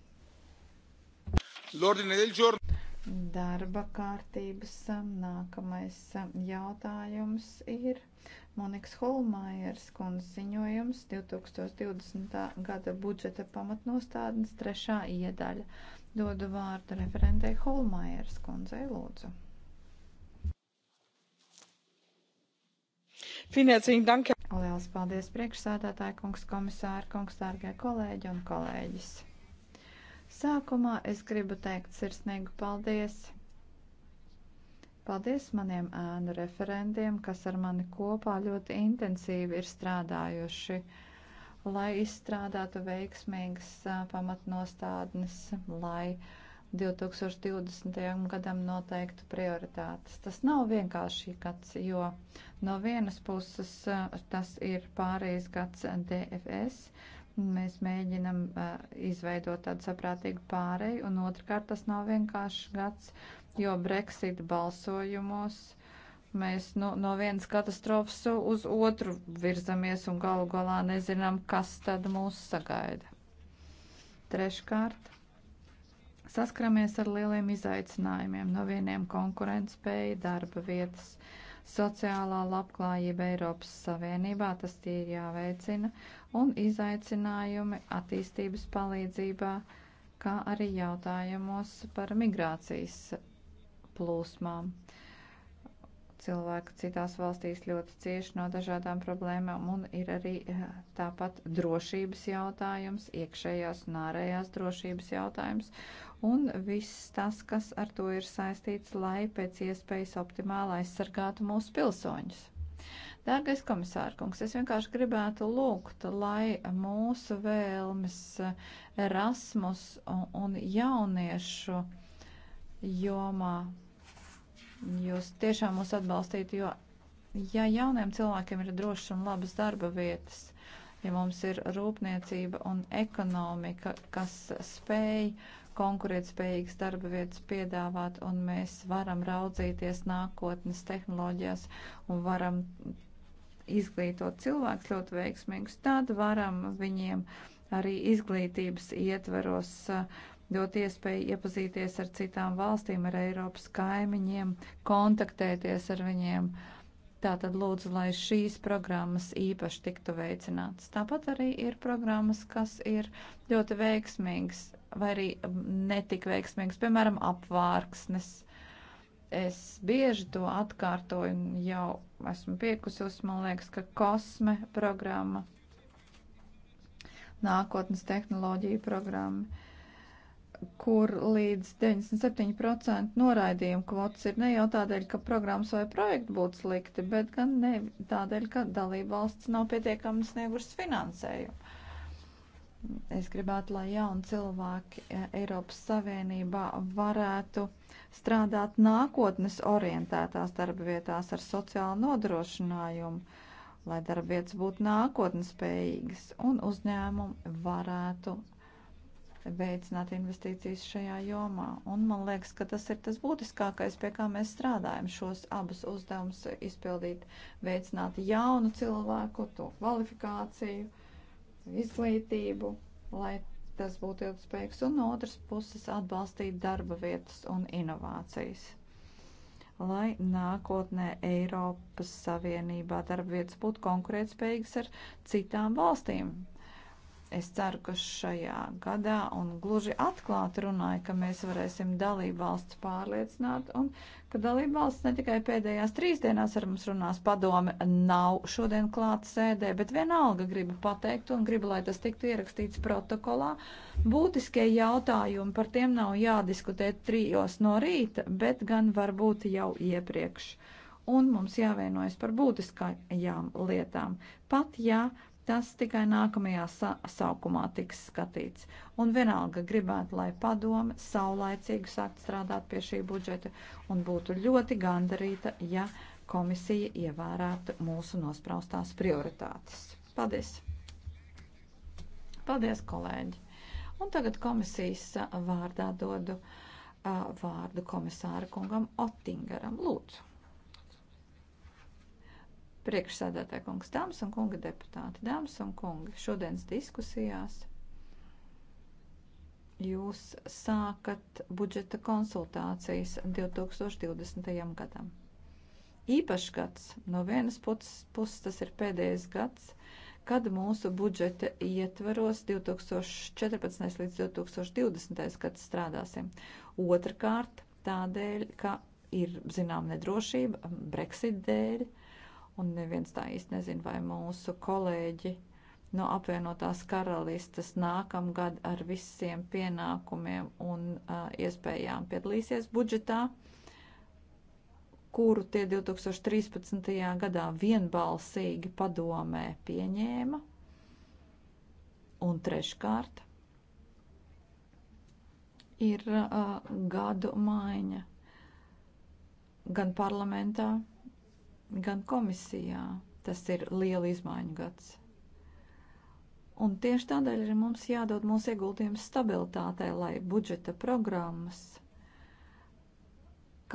L'ordine del giorno darba kārtības um, nākamais um, jautājums ir Monikas Holmājers kundz ziņojums 2020. gada budžeta pamatnostādnes trešā iedaļa. Dodu vārdu referentei Holmājers kundzei lūdzu. Finansīgi, danke. Liels paldies priekšsādātāji, kungs komisāri, kungs dārgie kolēģi un kolēģis. Sākumā es gribu teikt sirsnīgu paldies. Paldies maniem ēnu referentiem, kas ar mani kopā ļoti intensīvi ir strādājuši, lai izstrādātu veiksmīgas pamatnostādnes, lai 2020. gadam noteiktu prioritātes. Tas nav vienkārši gads, jo no vienas puses tas ir pārējais gads DFS, Mēs mēģinam uh, izveidot tādu saprātīgu pāreju, un otrkārt tas nav vienkāršs gads, jo Brexit balsojumos mēs no, nu, no vienas katastrofas uz otru virzamies un galu galā nezinām, kas tad mūs sagaida. Treškārt, saskaramies ar lieliem izaicinājumiem, no vieniem konkurentspēja, darba vietas. Uh, sociālā labklājība Eiropas Savienībā, tas tie ir jāveicina, un izaicinājumi attīstības palīdzībā, kā arī jautājumos par migrācijas plūsmām. Cilvēki citās valstīs ļoti cieši no dažādām problēmām, un ir arī eh, tāpat drošības jautājums, iekšējās un ārējās drošības jautājums, un viss tas, kas ar to ir saistīts, lai pēc iespējas optimāli aizsargātu mūsu pilsoņus. Dārgais komisārkungs, es vienkārši gribētu lūgt, lai mūsu vēlmes Erasmus un jauniešu jomā jūs tiešām mūs atbalstītu, jo, ja jauniem cilvēkiem ir drošas un labas darba vietas, ja mums ir rūpniecība un ekonomika, kas spēj konkurētspējīgas darba vietas piedāvāt, un mēs varam raudzīties nākotnes tehnoloģijās un varam izglītot cilvēks ļoti veiksmīgus, tad varam viņiem arī izglītības ietveros dot iespēju iepazīties ar citām valstīm, ar Eiropas kaimiņiem, kontaktēties ar viņiem. Tātad lūdzu, lai šīs programmas īpaši tiktu veicinātas. Tāpat arī ir programmas, kas ir ļoti veiksmīgas vai arī um, netik veiksmīgas, piemēram, apvārksnes. Es bieži to atkārtoju un jau esmu piekusus, man liekas, ka kosme programma, nākotnes tehnoloģija programma, kur līdz 97% noraidījumu kvotas ir ne jau tādēļ, ka programmas vai projekti būtu slikti, bet gan ne tādēļ, ka dalība valsts nav pietiekami sniegušas finansējumu. Es gribētu, lai jauni cilvēki eh, Eiropas Savienībā varētu strādāt nākotnes orientētās darba vietās ar sociālu nodrošinājumu, lai darba vietas būtu nākotnes spējīgas un uzņēmumi varētu veicināt investīcijas šajā jomā. Un man liekas, ka tas ir tas būtiskākais, pie kā mēs strādājam šos abus uzdevumus izpildīt, veicināt jaunu cilvēku, to kvalifikāciju izglītību, lai tas būtu ilgspējīgs, un no otras puses atbalstīt darba vietas un inovācijas. Lai nākotnē Eiropas Savienībā darba vietas būtu konkurētspējīgas ar citām valstīm, Es ceru, ka šajā gadā un gluži atklāti runāju, ka mēs varēsim dalību valsts pārliecināt un ka dalību valsts ne tikai pēdējās trīs dienās ar mums runās padome nav šodien klāt sēdē, bet vienalga gribu pateikt un gribu, lai tas tiktu ierakstīts protokolā. Būtiskie jautājumi par tiem nav jādiskutē trijos no rīta, bet gan varbūt jau iepriekš. Un mums jāvienojas par būtiskajām lietām. Pat ja Tas tikai nākamajā sasaukumā tiks skatīts. Un vienalga gribētu, lai padome saulaicīgi sākt strādāt pie šī budžeta un būtu ļoti gandarīta, ja komisija ievērētu mūsu nospraustās prioritātes. Paldies! Paldies, kolēģi! Un tagad komisijas uh, vārdā dodu uh, vārdu komisāra kungam Ottingaram. Lūdzu! Priekšsēdētāja kungs, dāmas un kunga deputāti, dāmas un kungi, šodienas diskusijās jūs sākat budžeta konsultācijas 2020. gadam. Īpašs gads, no vienas puses tas ir pēdējais gads, kad mūsu budžeta ietvaros 2014. līdz 2020. gads strādāsim. Otrakārt, tādēļ, ka ir zinām nedrošība Brexit dēļ. Uh, un neviens tā īsti nezina, vai mūsu kolēģi no apvienotās karalistas nākamgad ar visiem pienākumiem un uh, iespējām piedalīsies budžetā, kuru tie 2013. gadā vienbalsīgi padomē pieņēma. Un treškārt ir uh, gadu maiņa gan parlamentā, gan komisijā. Tas ir liela izmaiņu gads. Un tieši tādēļ arī mums jādod mūsu ieguldījums stabilitātei, lai budžeta programmas,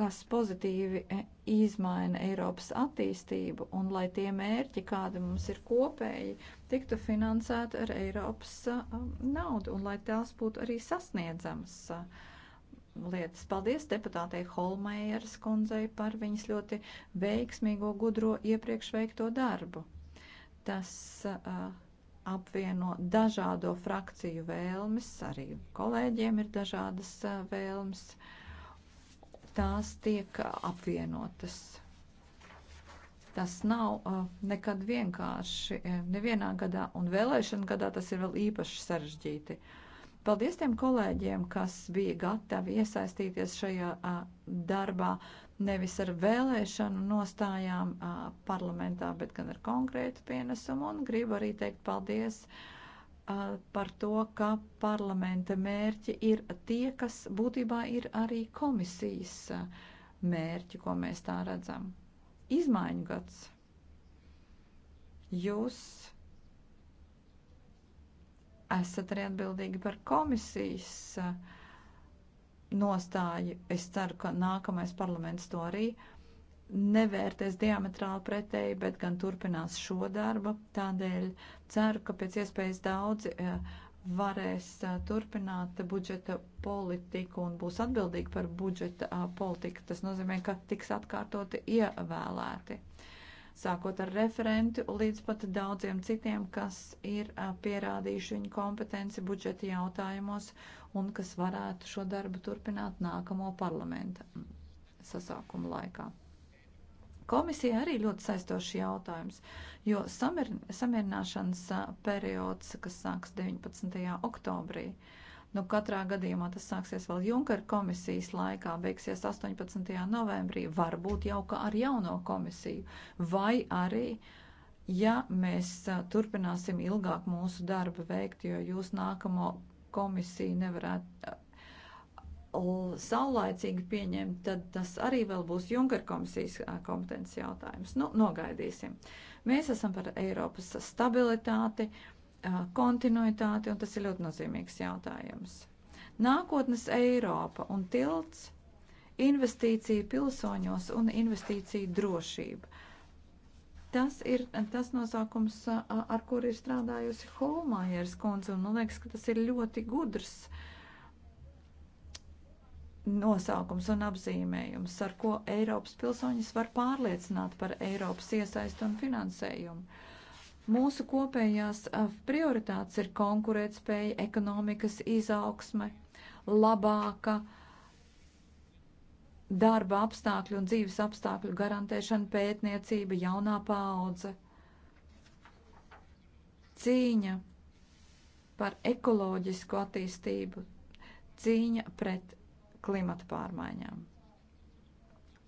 kas pozitīvi e, izmaina Eiropas attīstību un lai tie mērķi, kādi mums ir kopēji, tiktu finansēti ar Eiropas naudu un lai tās būtu arī sasniedzams. Uh, lietas. Paldies deputātei Holmēras kundzei par viņas ļoti veiksmīgo gudro iepriekš veikto darbu. Tas uh, apvieno dažādo frakciju vēlmes, arī kolēģiem ir dažādas uh, vēlmes. Tās tiek apvienotas. Tas nav uh, nekad vienkārši. Uh, nevienā gadā un vēlēšana gadā tas ir vēl īpaši sarežģīti. Uh, Paldies tiem kolēģiem, kas bija gatavi iesaistīties šajā a, darbā nevis ar vēlēšanu nostājām a, parlamentā, bet gan ar konkrētu pienesumu. Un gribu arī teikt paldies a, par to, ka parlamenta mērķi ir tie, kas būtībā ir arī komisijas a, mērķi, ko mēs tā redzam. Izmaiņu gads. Jūs esat arī atbildīgi par komisijas eh, nostāju. Es ceru, ka nākamais parlaments to arī nevērties diametrāli pretēji, bet gan turpinās šo darbu. Tādēļ ceru, ka pēc iespējas daudzi eh, varēs eh, turpināt budžeta politiku un būs atbildīgi par budžeta politiku. Tas nozīmē, ka tiks atkārtoti ievēlēti sākot ar referentu līdz pat daudziem citiem, kas ir pierādījuši viņu kompetenci budžeta jautājumos un kas varētu šo darbu turpināt nākamo parlamenta sasākumu laikā. Komisija arī ļoti saistošs jautājums, jo samierināšanas periods, kas sāks 19. oktobrī, uh, Nu, katrā gadījumā tas sāksies vēl Junkara komisijas laikā, beigsies 18. novembrī, varbūt jau kā ar jauno komisiju. Vai arī, ja mēs turpināsim ilgāk mūsu darbu veikt, jo jūs nākamo komisiju nevarētu saulaicīgi pieņemt, tad tas arī vēl būs Junkara komisijas kompetences jautājums. Nu, nogaidīsim. Mēs esam par Eiropas stabilitāti. Uh, kontinuitāti, un tas ir ļoti nozīmīgs jautājums. Nākotnes Eiropa un tilts, investīcija pilsoņos un investīcija drošība. Tas ir tas nosaukums, ar kur ir strādājusi Holmājers kundze, un man liekas, ka tas ir ļoti gudrs nosaukums un apzīmējums, ar ko Eiropas pilsoņus var pārliecināt par Eiropas iesaistu un finansējumu. Mūsu kopējās prioritātes ir konkurētspēja, ekonomikas izaugsme, labāka darba apstākļu un dzīves apstākļu garantēšana, pētniecība, jaunā paudze, cīņa par ekoloģisku attīstību, cīņa pret klimata pārmaiņām.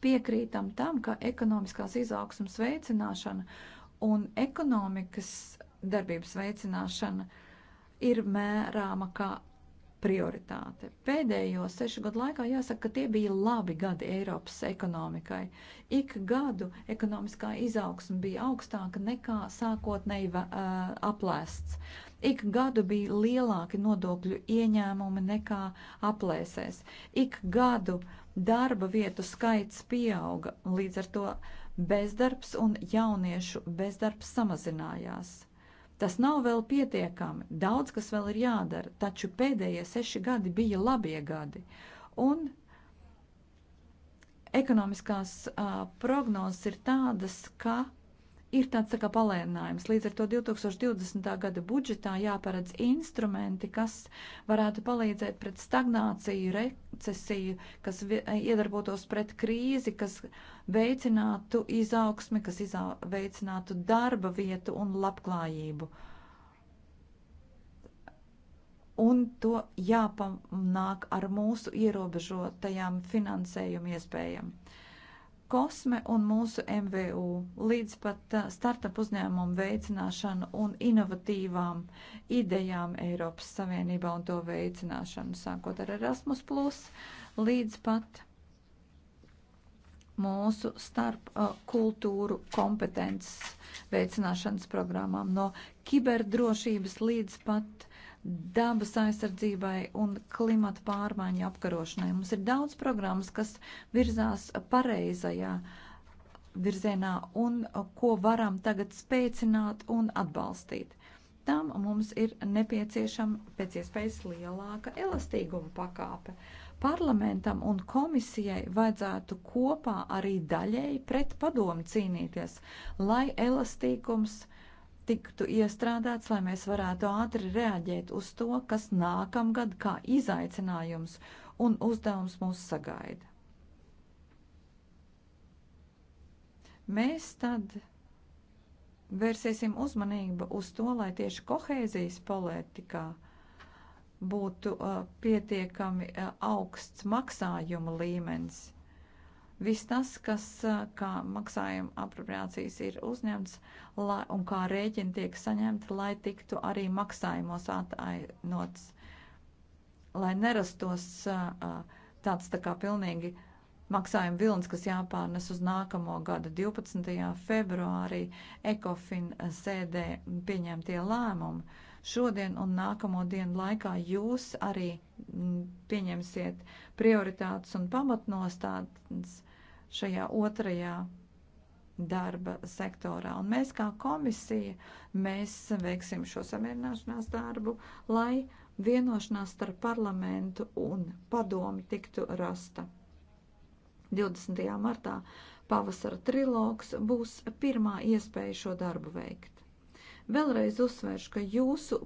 Piekrītam tam, ka ekonomiskās izaugsmas veicināšana un ekonomikas darbības veicināšana ir mērāma kā prioritāte. Pēdējo sešu gadu laikā jāsaka, ka tie bija labi gadi Eiropas ekonomikai. Ik gadu ekonomiskā izaugsme bija augstāka nekā sākotnēji uh, aplēsts. Ik gadu bija lielāki nodokļu ieņēmumi nekā aplēsēs. Ik gadu darba vietu skaits pieauga, līdz ar to bezdarbs un jauniešu bezdarbs samazinājās. Tas nav vēl pietiekami, daudz kas vēl ir jādara, taču pēdējie seši gadi bija labie gadi. Un ekonomiskās uh, prognozes ir tādas, ka ir tāds tā kā palēninājums. Līdz ar to 2020. gada budžetā jāparedz instrumenti, kas varētu palīdzēt pret stagnāciju, recesiju, kas iedarbotos pret krīzi, kas veicinātu izaugsmi, kas izā, veicinātu darba vietu un labklājību. Un to jāpanāk ar mūsu ierobežotajām finansējuma iespējām. Uh, kosme un mūsu MVU, līdz pat uh, startup uzņēmumu veicināšanu un inovatīvām idejām Eiropas Savienībā un to veicināšanu, sākot ar Erasmus, līdz pat mūsu starp uh, kultūru kompetences veicināšanas programmām, no kiberdrošības līdz pat dabas aizsardzībai un klimata pārmaiņu apkarošanai. Mums ir daudz programmas, kas virzās pareizajā virzienā un ko varam tagad spēcināt un atbalstīt. Tam mums ir nepieciešama pēc iespējas lielāka elastīguma pakāpe. Parlamentam un komisijai vajadzētu kopā arī daļēji pret padomu cīnīties, lai elastīgums uh, tiktu iestrādāts, lai mēs varētu ātri reaģēt uz to, kas nākamgad kā izaicinājums un uzdevums mūs sagaida. Mēs tad vērsiesim uzmanību uz to, lai tieši kohēzijas politikā būtu uh, pietiekami uh, augsts maksājuma līmenis Viss tas, kas kā maksājuma apropriācijas ir uzņemts lai, un kā rēķini tiek saņemti, lai tiktu arī maksājumos atainots, lai nerastos tāds tā kā pilnīgi maksājuma vilnis, kas jāpārnes uz nākamo gadu 12. februārī ECOFIN sēdē pieņemtie lēmumi šodien un nākamo dienu laikā jūs arī mm, pieņemsiet prioritātes un pamatnostādes šajā otrajā darba sektorā. Un mēs kā komisija, mēs veiksim šo samierināšanās darbu, lai vienošanās starp parlamentu un padomi tiktu rasta. 20. martā pavasara trilogs būs pirmā iespēja šo darbu veikt. Vēlreiz uzsvēršu, ka jūsu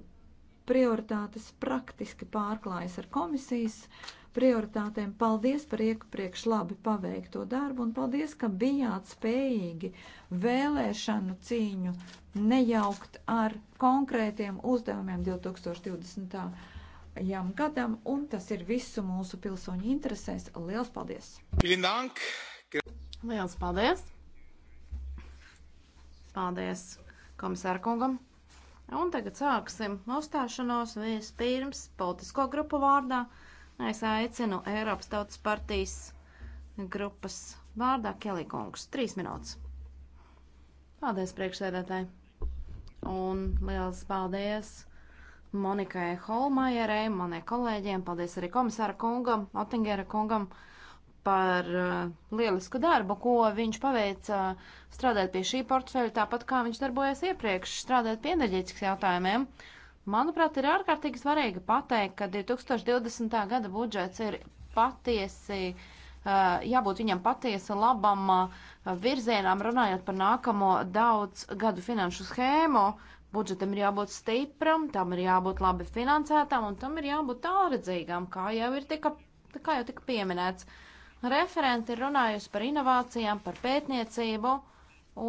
prioritātes praktiski pārklājas ar komisijas prioritātēm. Paldies par iepriekš labi paveikto darbu un paldies, ka bijāt spējīgi vēlēšanu cīņu nejaukt ar konkrētiem uzdevumiem 2020. gadam, un tas ir visu mūsu pilsoņu interesēs. Liels paldies! Liels paldies! Paldies komisārkungam. Un tagad sāksim uzstāšanos vispirms politisko grupu vārdā. Es aicinu Eiropas Tautas partijas grupas vārdā Kelīkungs. Trīs minūtes. Paldies, priekšsēdētāji. Un liels paldies Monikai Holmajerai, manai kolēģiem. Paldies arī komisāra kungam, Otingera kungam. Uh, par eh, lielisku darbu, ko viņš paveica strādājot pie šī portfeļa, tāpat kā viņš darbojās iepriekš strādājot pie enerģētikas jautājumiem. Manuprāt, ir ārkārtīgi svarīgi pateikt, ka 2020. gada budžets ir patiesi, eh, jābūt viņam patiesi labam eh, virzienām, runājot par nākamo daudz gadu finanšu schēmu. Budžetam ir jābūt stipram, tam ir jābūt labi finansētam un tam ir jābūt tālredzīgam, kā jau ir tika, kā jau tika pieminēts. Uh, Referenti ir runājusi par inovācijām, par pētniecību,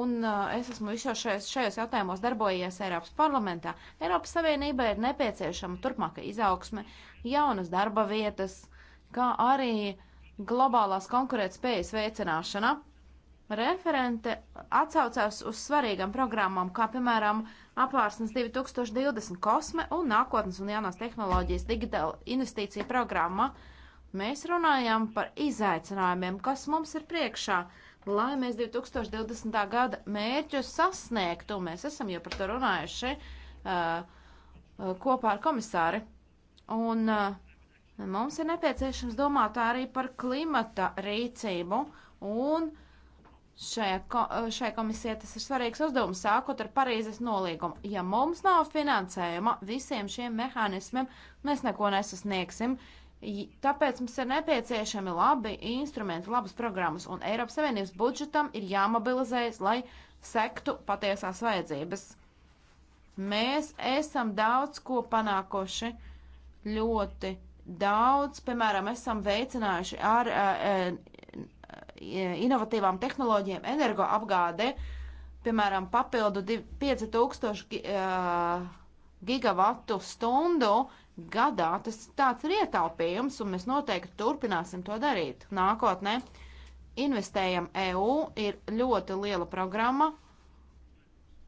un uh, es esmu visos šajos, šajos jautājumos darbojies Eiropas parlamentā. Eiropas Savienībai ir nepieciešama turpmāka izaugsme, jaunas darba vietas, kā arī globālās konkurētspējas veicināšana. Referente atsaucās uz svarīgām programmām, kā piemēram apvārsnes 2020 kosme un nākotnes un jaunās tehnoloģijas digitāla investīcija programma. Uh, Mēs runājam par izaicinājumiem, kas mums ir priekšā, lai mēs 2020. gada mērķus sasniegtu. Mēs esam jau par to runājuši uh, uh, kopā ar komisāri. Un uh, mums ir nepieciešams domāt arī par klimata rīcību un uh, Šajā, ko, uh, šajā komisijā tas ir svarīgs uzdevums, sākot ar Parīzes nolīgumu. Ja mums nav finansējuma visiem šiem mehānismiem, mēs neko nesasniegsim. Tāpēc mums ir nepieciešami labi instrumenti, labas programmas, un Eiropas Savienības budžetam ir jāmobilizējas, lai sektu patiesās vajadzības. Mēs esam daudz ko panākoši, ļoti daudz, piemēram, esam veicinājuši ar uh, inovatīvām tehnoloģijām energoapgādi, piemēram, papildu 5000 uh, gigavatu stundu gadā. Tas tāds ir ietaupījums, un mēs noteikti turpināsim to darīt nākotnē. Investējam EU ir ļoti liela programma,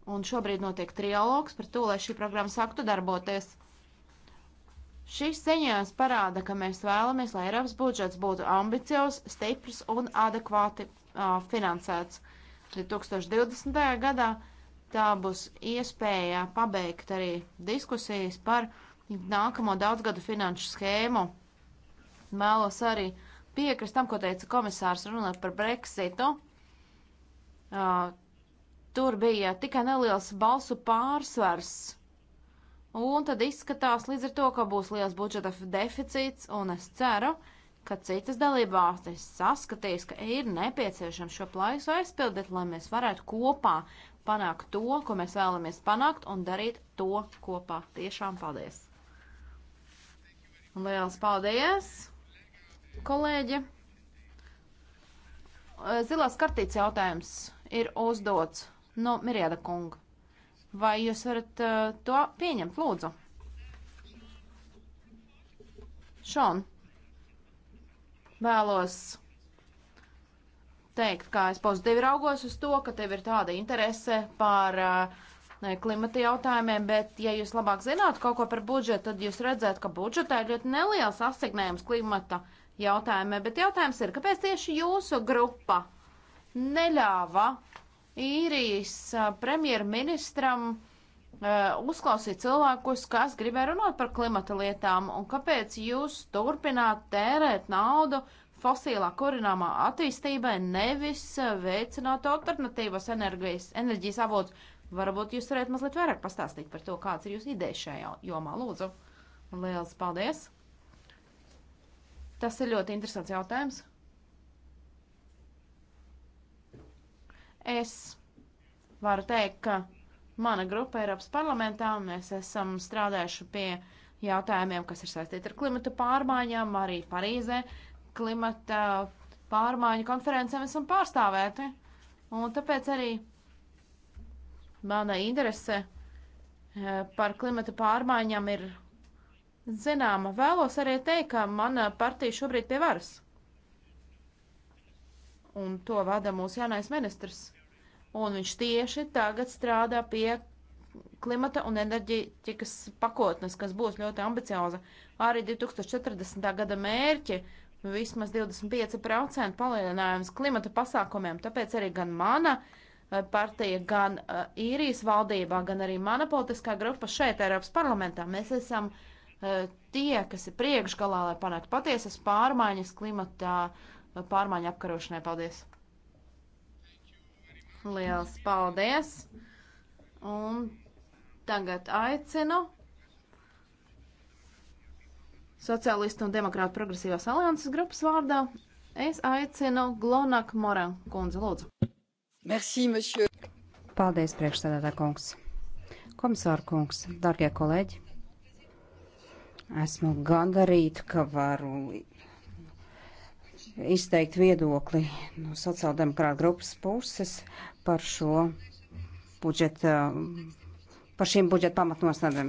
un šobrīd notiek trialogs par to, lai šī programma sāktu darboties. Šis ziņojums parāda, ka mēs vēlamies, lai Eiropas budžets būtu ambiciozs, stiprs un adekvāti uh, finansēts. 2020. gadā tā būs iespēja pabeigt arī diskusijas par nākamo daudzgadu finanšu schēmu. Mēlos arī piekrist tam, ko teica komisārs runāt par Brexitu. Uh, tur bija tikai neliels balsu pārsvars. Un tad izskatās līdz ar to, ka būs liels budžeta deficīts, un es ceru, ka citas dalībvalstis saskatīs, ka ir nepieciešams šo plaisu aizpildīt, lai mēs varētu kopā panākt to, ko mēs vēlamies panākt un darīt to kopā. Tiešām paldies! Liels paldies, kolēģi! Eh, zilās kartītes jautājums ir uzdots no Mirjāda kunga. Vai jūs varat uh, to pieņemt, lūdzu? Šon, vēlos teikt, kā es pozitīvi raugos uz to, ka tev ir tāda interese par uh, klimata jautājumiem, bet, ja jūs labāk zinātu kaut ko par budžetu, tad jūs redzētu, ka budžetā ir ļoti neliels asignējums klimata jautājumiem, bet jautājums ir, kāpēc tieši jūsu grupa neļāva īrijas uh, premjerministram uh, uzklausīt cilvēkus, kas gribēja runāt par klimata lietām, un kāpēc jūs turpināt tērēt naudu uh, fosilā kurināmā attīstībai, nevis veicināt alternatīvas enerģijas, enerģijas avotus. Varbūt jūs varētu mazliet vairāk pastāstīt par to, kāds ir jūsu ideja šajā jomā, lūdzu. Lielas paldies! Tas ir ļoti interesants jautājums. Es varu teikt, ka mana grupa Eiropas parlamentā, mēs esam strādājuši pie jautājumiem, kas ir saistīti ar klimatu pārmaiņām, arī Parīzē klimata pārmaiņu konferencēm esam pārstāvēti. Un tāpēc arī mana interese eh, par klimata pārmaiņām ir zināma. Vēlos arī teikt, ka mana partija šobrīd pie varas. Un to vada mūsu jaunais ministrs. Un viņš tieši tagad strādā pie klimata un enerģētikas pakotnes, kas būs ļoti ambicioza. Arī 2040. gada mērķi vismaz 25% palielinājums klimata pasākumiem. Tāpēc arī gan mana eh, partija, gan uh, īrijas valdībā, gan arī mana politiskā grupa šeit, Eiropas parlamentā, mēs esam uh, tie, kas ir priekšgalā, lai panāktu patiesas pārmaiņas klimatā, pārmaiņu apkarošanai. Paldies! Liels paldies! Un tagad aicinu Sociālistu un Demokrātu progresīvās alianses grupas vārdā es aicinu Glonak Moran kundzi lūdzu. Merci, monsieur. Paldies, priekšstādātā kungs. Komisāra kungs, darbie kolēģi, esmu gandarīta, ka varu izteikt viedokli no sociāldemokrāta grupas puses par šo budžeta, par šīm budžeta pamatnostādēm.